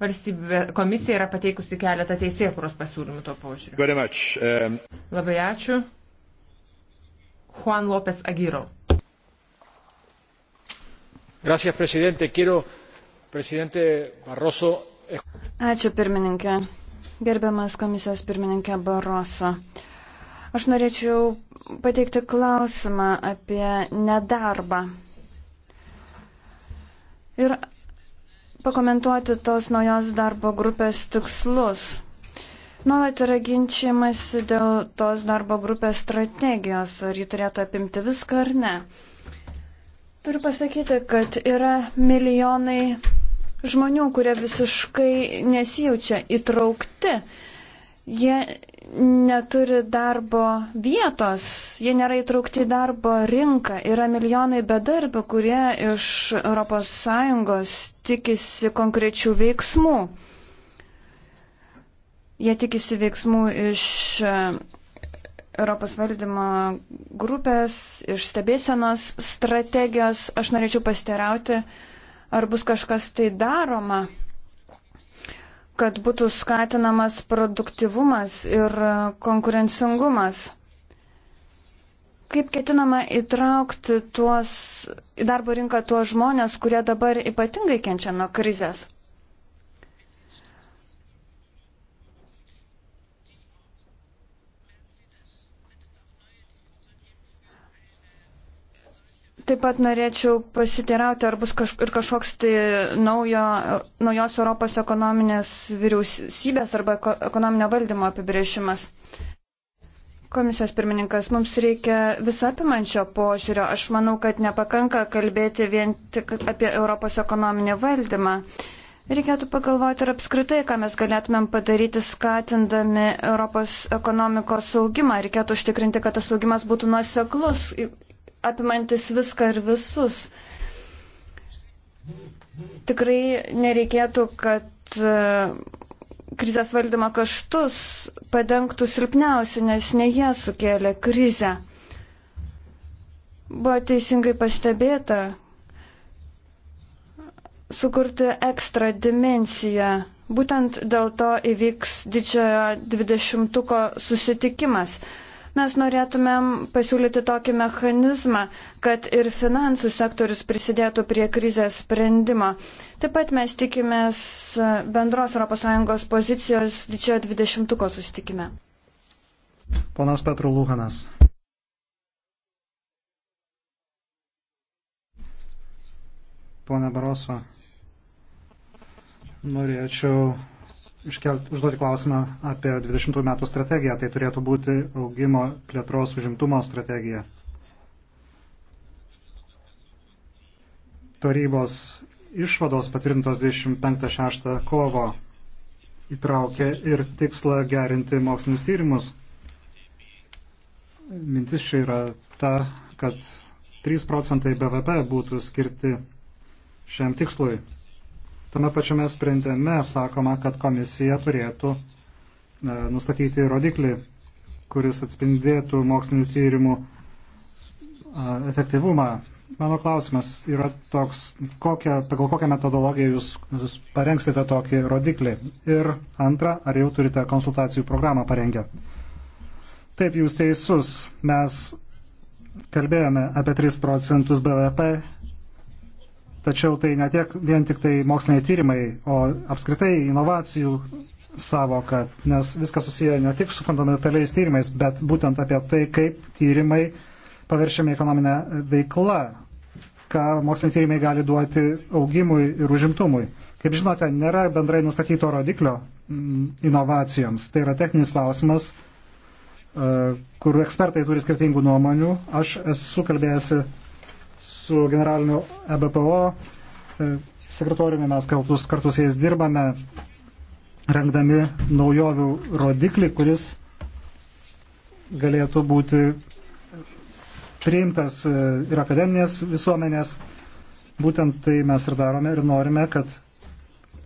Speaker 1: Valstybė komisija yra pateikusi keletą teisėkuros pasiūlymų to požiūriu.
Speaker 2: Um...
Speaker 1: Labai ačiū. Juan López Aguirre.
Speaker 2: Gracias, presidente. Quiero, presidente Barroso.
Speaker 1: Ačiū,
Speaker 3: pirmininkė. Gerbiamas komisijos pirmininkė Barroso. Aš norėčiau pateikti klausimą apie nedarbą. Ir pakomentuoti tos naujos darbo grupės tikslus. Nuolat yra ginčiamas dėl tos darbo grupės strategijos, ar ji turėtų apimti viską ar ne. Turiu pasakyti, kad yra milijonai žmonių, kurie visiškai nesijaučia įtraukti. Jie neturi darbo vietos, jie nėra įtraukti į darbo rinką. Yra milijonai bedarbių, kurie iš ES tikisi konkrečių veiksmų. Jie tikisi veiksmų iš e, Europos valdymo grupės, iš stebėsenos strategijos. Aš norėčiau pasiterauti, ar bus kažkas tai daroma, kad būtų skatinamas produktivumas ir konkurencingumas. Kaip ketinama įtraukti tuos, į darbo rinką tuos žmonės, kurie dabar ypatingai kenčia nuo krizės? Taip pat norėčiau pasiteirauti, ar bus kaž, ir kažkoks tai naujo, naujos Europos ekonominės vyriausybės arba ekonominio valdymo apibrėžimas. Komisijos pirmininkas, mums reikia visapimančio požiūrio. Aš manau, kad nepakanka kalbėti vien tik apie Europos ekonominį valdymą. Reikėtų pagalvoti ir apskritai, ką mes galėtumėm padaryti skatindami Europos ekonomikos saugimą. Reikėtų užtikrinti, kad tas saugimas būtų nuoseklus apimantis viską ir visus. Tikrai nereikėtų, kad e, krizės valdymo kaštus padengtų silpniausi, nes ne jie sukėlė krizę. Buvo teisingai pastebėta sukurti ekstra dimensiją. Būtent dėl to įvyks didžiojo dvidešimtuko susitikimas. Mes norėtumėm pasiūlyti tokį mechanizmą, kad ir finansų sektorius prisidėtų prie krizės sprendimo. Taip pat mes tikimės bendros ES pozicijos didžiojo 20-ko susitikime.
Speaker 2: Ponas Petru Luhanas. Pone Baroso, norėčiau iškelt, užduoti klausimą apie 20 metų strategiją. Tai turėtų būti augimo plėtros užimtumo strategija. Tarybos išvados patvirtintos 25-6 kovo įtraukė ir tikslą gerinti mokslinius tyrimus. Mintis čia yra ta, kad 3 procentai BVP būtų skirti šiam tikslui. Tame pačiame sprendime sakoma, kad komisija turėtų e, nustatyti rodiklį, kuris atspindėtų mokslinių tyrimų e, efektyvumą. Mano klausimas yra toks, kokia, pagal kokią metodologiją jūs, jūs parengsite tokį rodiklį. Ir antra, ar jau turite konsultacijų programą parengę? Taip, jūs teisus. Mes kalbėjome apie 3 procentus BVP Tačiau tai ne tiek vien tik tai moksliniai tyrimai, o apskritai inovacijų savoka, nes viskas susiję ne tik su fundamentaliais tyrimais, bet būtent apie tai, kaip tyrimai paveršiami ekonominė veikla, ką moksliniai tyrimai gali duoti augimui ir užimtumui. Kaip žinote, nėra bendrai nustatyto rodiklio mm, inovacijoms. Tai yra techninis klausimas, e, kur ekspertai turi skirtingų nuomonių. Aš esu kalbėjęs su generaliniu EBPO e, sekretoriumi mes kartus, kartu su jais dirbame, rengdami naujovių rodiklį, kuris galėtų būti priimtas e, ir akademinės visuomenės. Būtent tai mes ir darome ir norime, kad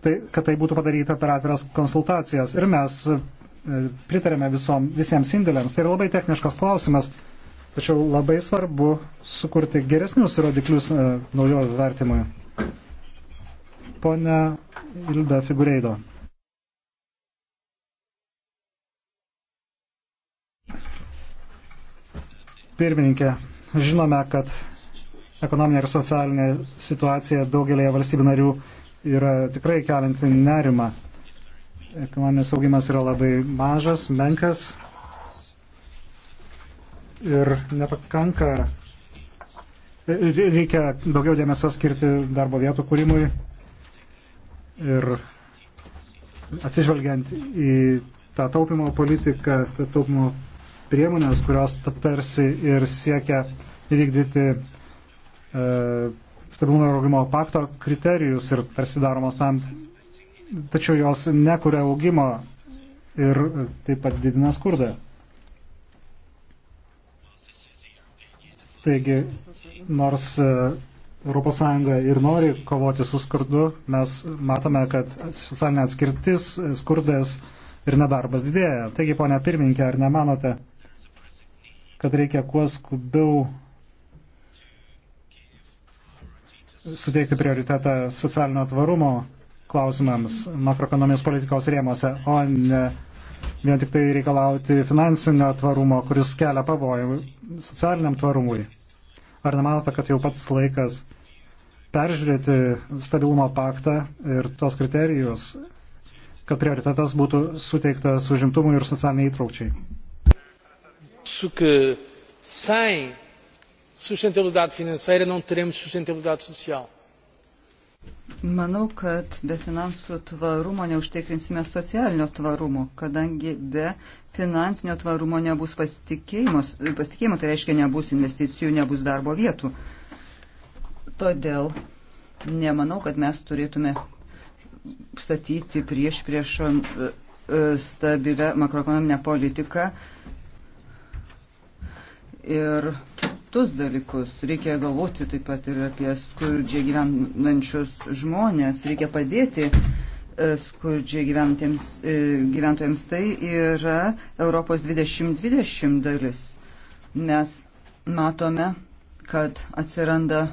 Speaker 2: tai, kad tai būtų padaryta per atviras konsultacijas. Ir mes e, pritarėme visom, visiems indėliams. Tai yra labai techniškas klausimas. Tačiau labai svarbu sukurti geresnius rodiklius e, naujovių vertimui. Pone Ilda Figureido. Pirmininkė, žinome, kad ekonominė ir socialinė situacija daugelėje valstybių narių yra tikrai kelinti nerimą. Ekonominis augimas yra labai mažas, menkas, ir nepakanka, e, e, reikia daugiau dėmesio skirti darbo vietų kūrimui ir atsižvelgiant į tą taupimo politiką, tą taupimo priemonės, kurios tarsi ir siekia įvykdyti e, stabilumo ir augimo pakto kriterijus ir tarsi daromos tam, tačiau jos nekuria augimo ir e, taip pat didina skurdą. Taigi, nors ES ir nori kovoti su skurdu, mes matome, kad socialinė atskirtis, skurdas ir nedarbas didėja. Taigi, ponia pirmininkė, ar nemanote, kad reikia kuo skubiau suteikti prioritetą socialinio tvarumo klausimams makroekonomijos politikos rėmose, o ne vien tik tai reikalauti finansinio tvarumo, kuris kelia pavojų socialiniam tvarumui. Ar nemanote, kad jau pats laikas peržiūrėti stabilumo paktą ir tuos kriterijus, kad prioritetas būtų suteiktas užimtumui ir socialiniai įtraukčiai? Sem sustentabilidade financeira não teremos sustentabilidade social.
Speaker 4: Manau, kad be finansų tvarumo neužtikrinsime socialinio tvarumo, kadangi be finansinio tvarumo nebus pasitikėjimo, tai reiškia nebus investicijų, nebus darbo vietų. Todėl nemanau, kad mes turėtume statyti prieš priešą e, stabilę makroekonominę politiką ir kitus dalykus. Reikia galvoti taip pat ir apie skurdžiai gyvenančius žmonės. Reikia padėti e, skurdžiai e, gyventojams. Tai yra Europos 2020 dalis. Mes matome, kad atsiranda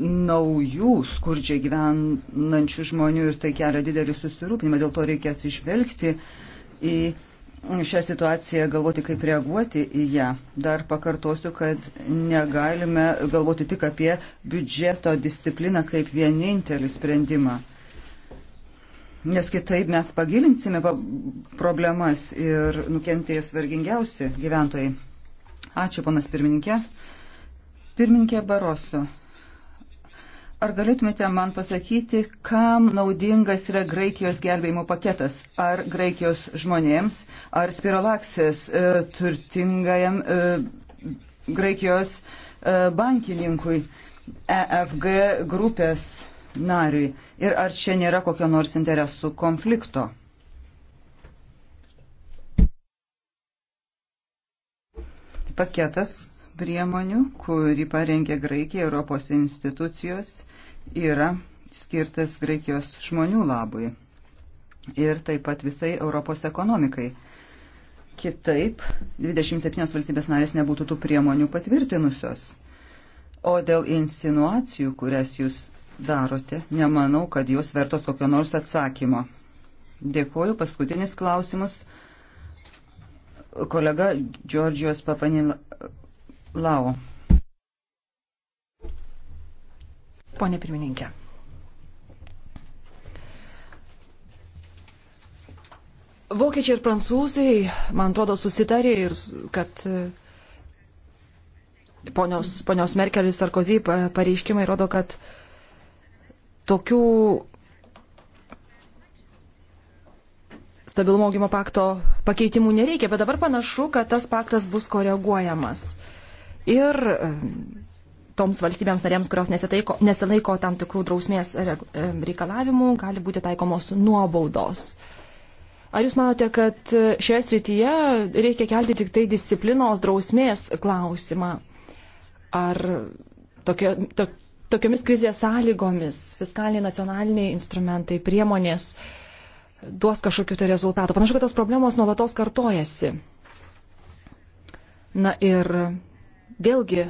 Speaker 4: naujų skurdžiai gyvenančių žmonių ir tai kelia didelį susirūpinimą. Dėl to reikia atsižvelgti į šią situaciją, galvoti, kaip reaguoti į ją. Dar pakartosiu, kad negalime galvoti tik apie biudžeto discipliną kaip vienintelį sprendimą. Nes kitaip mes pagilinsime problemas ir nukentės vargingiausi gyventojai. Ačiū, panas pirmininkė. Pirmininkė Baroso ar galėtumėte man pasakyti, kam naudingas yra Graikijos gelbėjimo paketas? Ar Graikijos žmonėms, ar spiralaksės e, turtingajam e, Graikijos e, bankininkui, EFG grupės nariui? Ir ar čia nėra kokio nors interesų konflikto? Paketas priemonių, kurį parengė Graikija Europos institucijos yra skirtas Graikijos žmonių labui ir taip pat visai Europos ekonomikai. Kitaip 27 valstybės narės nebūtų tų priemonių patvirtinusios. O dėl insinuacijų, kurias jūs darote, nemanau, kad jos vertos kokio nors atsakymo. Dėkuoju. Paskutinis klausimus. Kolega Džordžijos Papanilao.
Speaker 5: Pone pirmininkė. Vokiečiai ir prancūzai, man atrodo, susitarė ir kad e, ponios, ponios Merkelis Sarkozy pareiškimai rodo, kad tokių stabilumo augimo pakto pakeitimų nereikia, bet dabar panašu, kad tas paktas bus koreguojamas. Ir toms valstybėms narėms, kurios nesitaiko, nesilaiko tam tikrų drausmės reikalavimų, gali būti taikomos nuobaudos. Ar jūs manote, kad e, šioje srityje reikia kelti tik tai disciplinos drausmės klausimą? Ar tokio, to, tokiomis krizės sąlygomis fiskaliniai nacionaliniai instrumentai, priemonės duos kažkokiu tai rezultatu? Panašu, kad tos problemos nuolatos kartojasi. Na ir vėlgi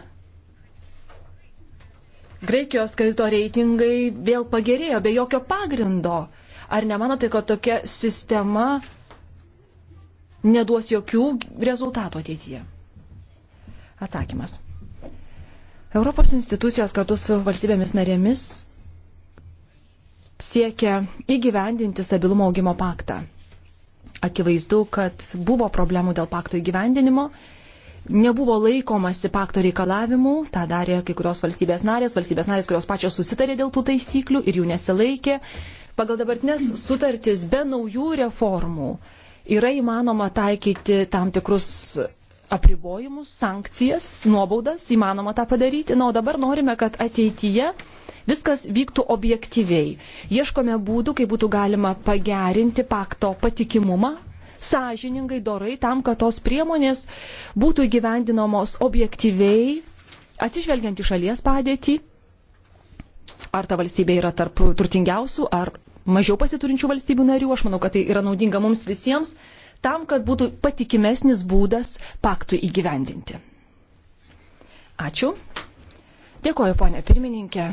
Speaker 5: Graikijos kredito reitingai vėl pagerėjo be jokio pagrindo. Ar nemanote, kad tokia sistema neduos jokių rezultatų ateityje? Atsakymas. Europos institucijos kartu su valstybėmis narėmis siekia įgyvendinti stabilumo augimo paktą. Akivaizdu, kad buvo problemų dėl pakto įgyvendinimo nebuvo laikomasi pakto reikalavimų, tą darė kai kurios valstybės narės, valstybės narės, kurios pačios susitarė dėl tų taisyklių ir jų nesilaikė. Pagal dabartinės sutartys be naujų reformų yra įmanoma taikyti tam tikrus apribojimus, sankcijas, nuobaudas, įmanoma tą padaryti. Na, o dabar norime, kad ateityje viskas vyktų objektyviai. Ieškome būdų, kaip būtų galima pagerinti pakto patikimumą, sąžiningai, dorai, tam, kad tos priemonės būtų įgyvendinamos objektyviai, atsižvelgiant į šalies padėtį, ar ta valstybė yra tarp turtingiausių ar mažiau pasiturinčių valstybių narių. Aš manau, kad tai yra naudinga mums visiems, tam, kad būtų patikimesnis būdas paktui įgyvendinti. Ačiū. Dėkoju, ponė pirmininkė,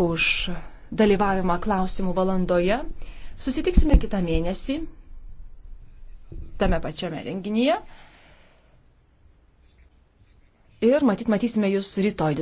Speaker 5: už dalyvavimą klausimų valandoje. Susitiksime kitą mėnesį tame pačiame renginyje ir matyt matysime jūs rytoj.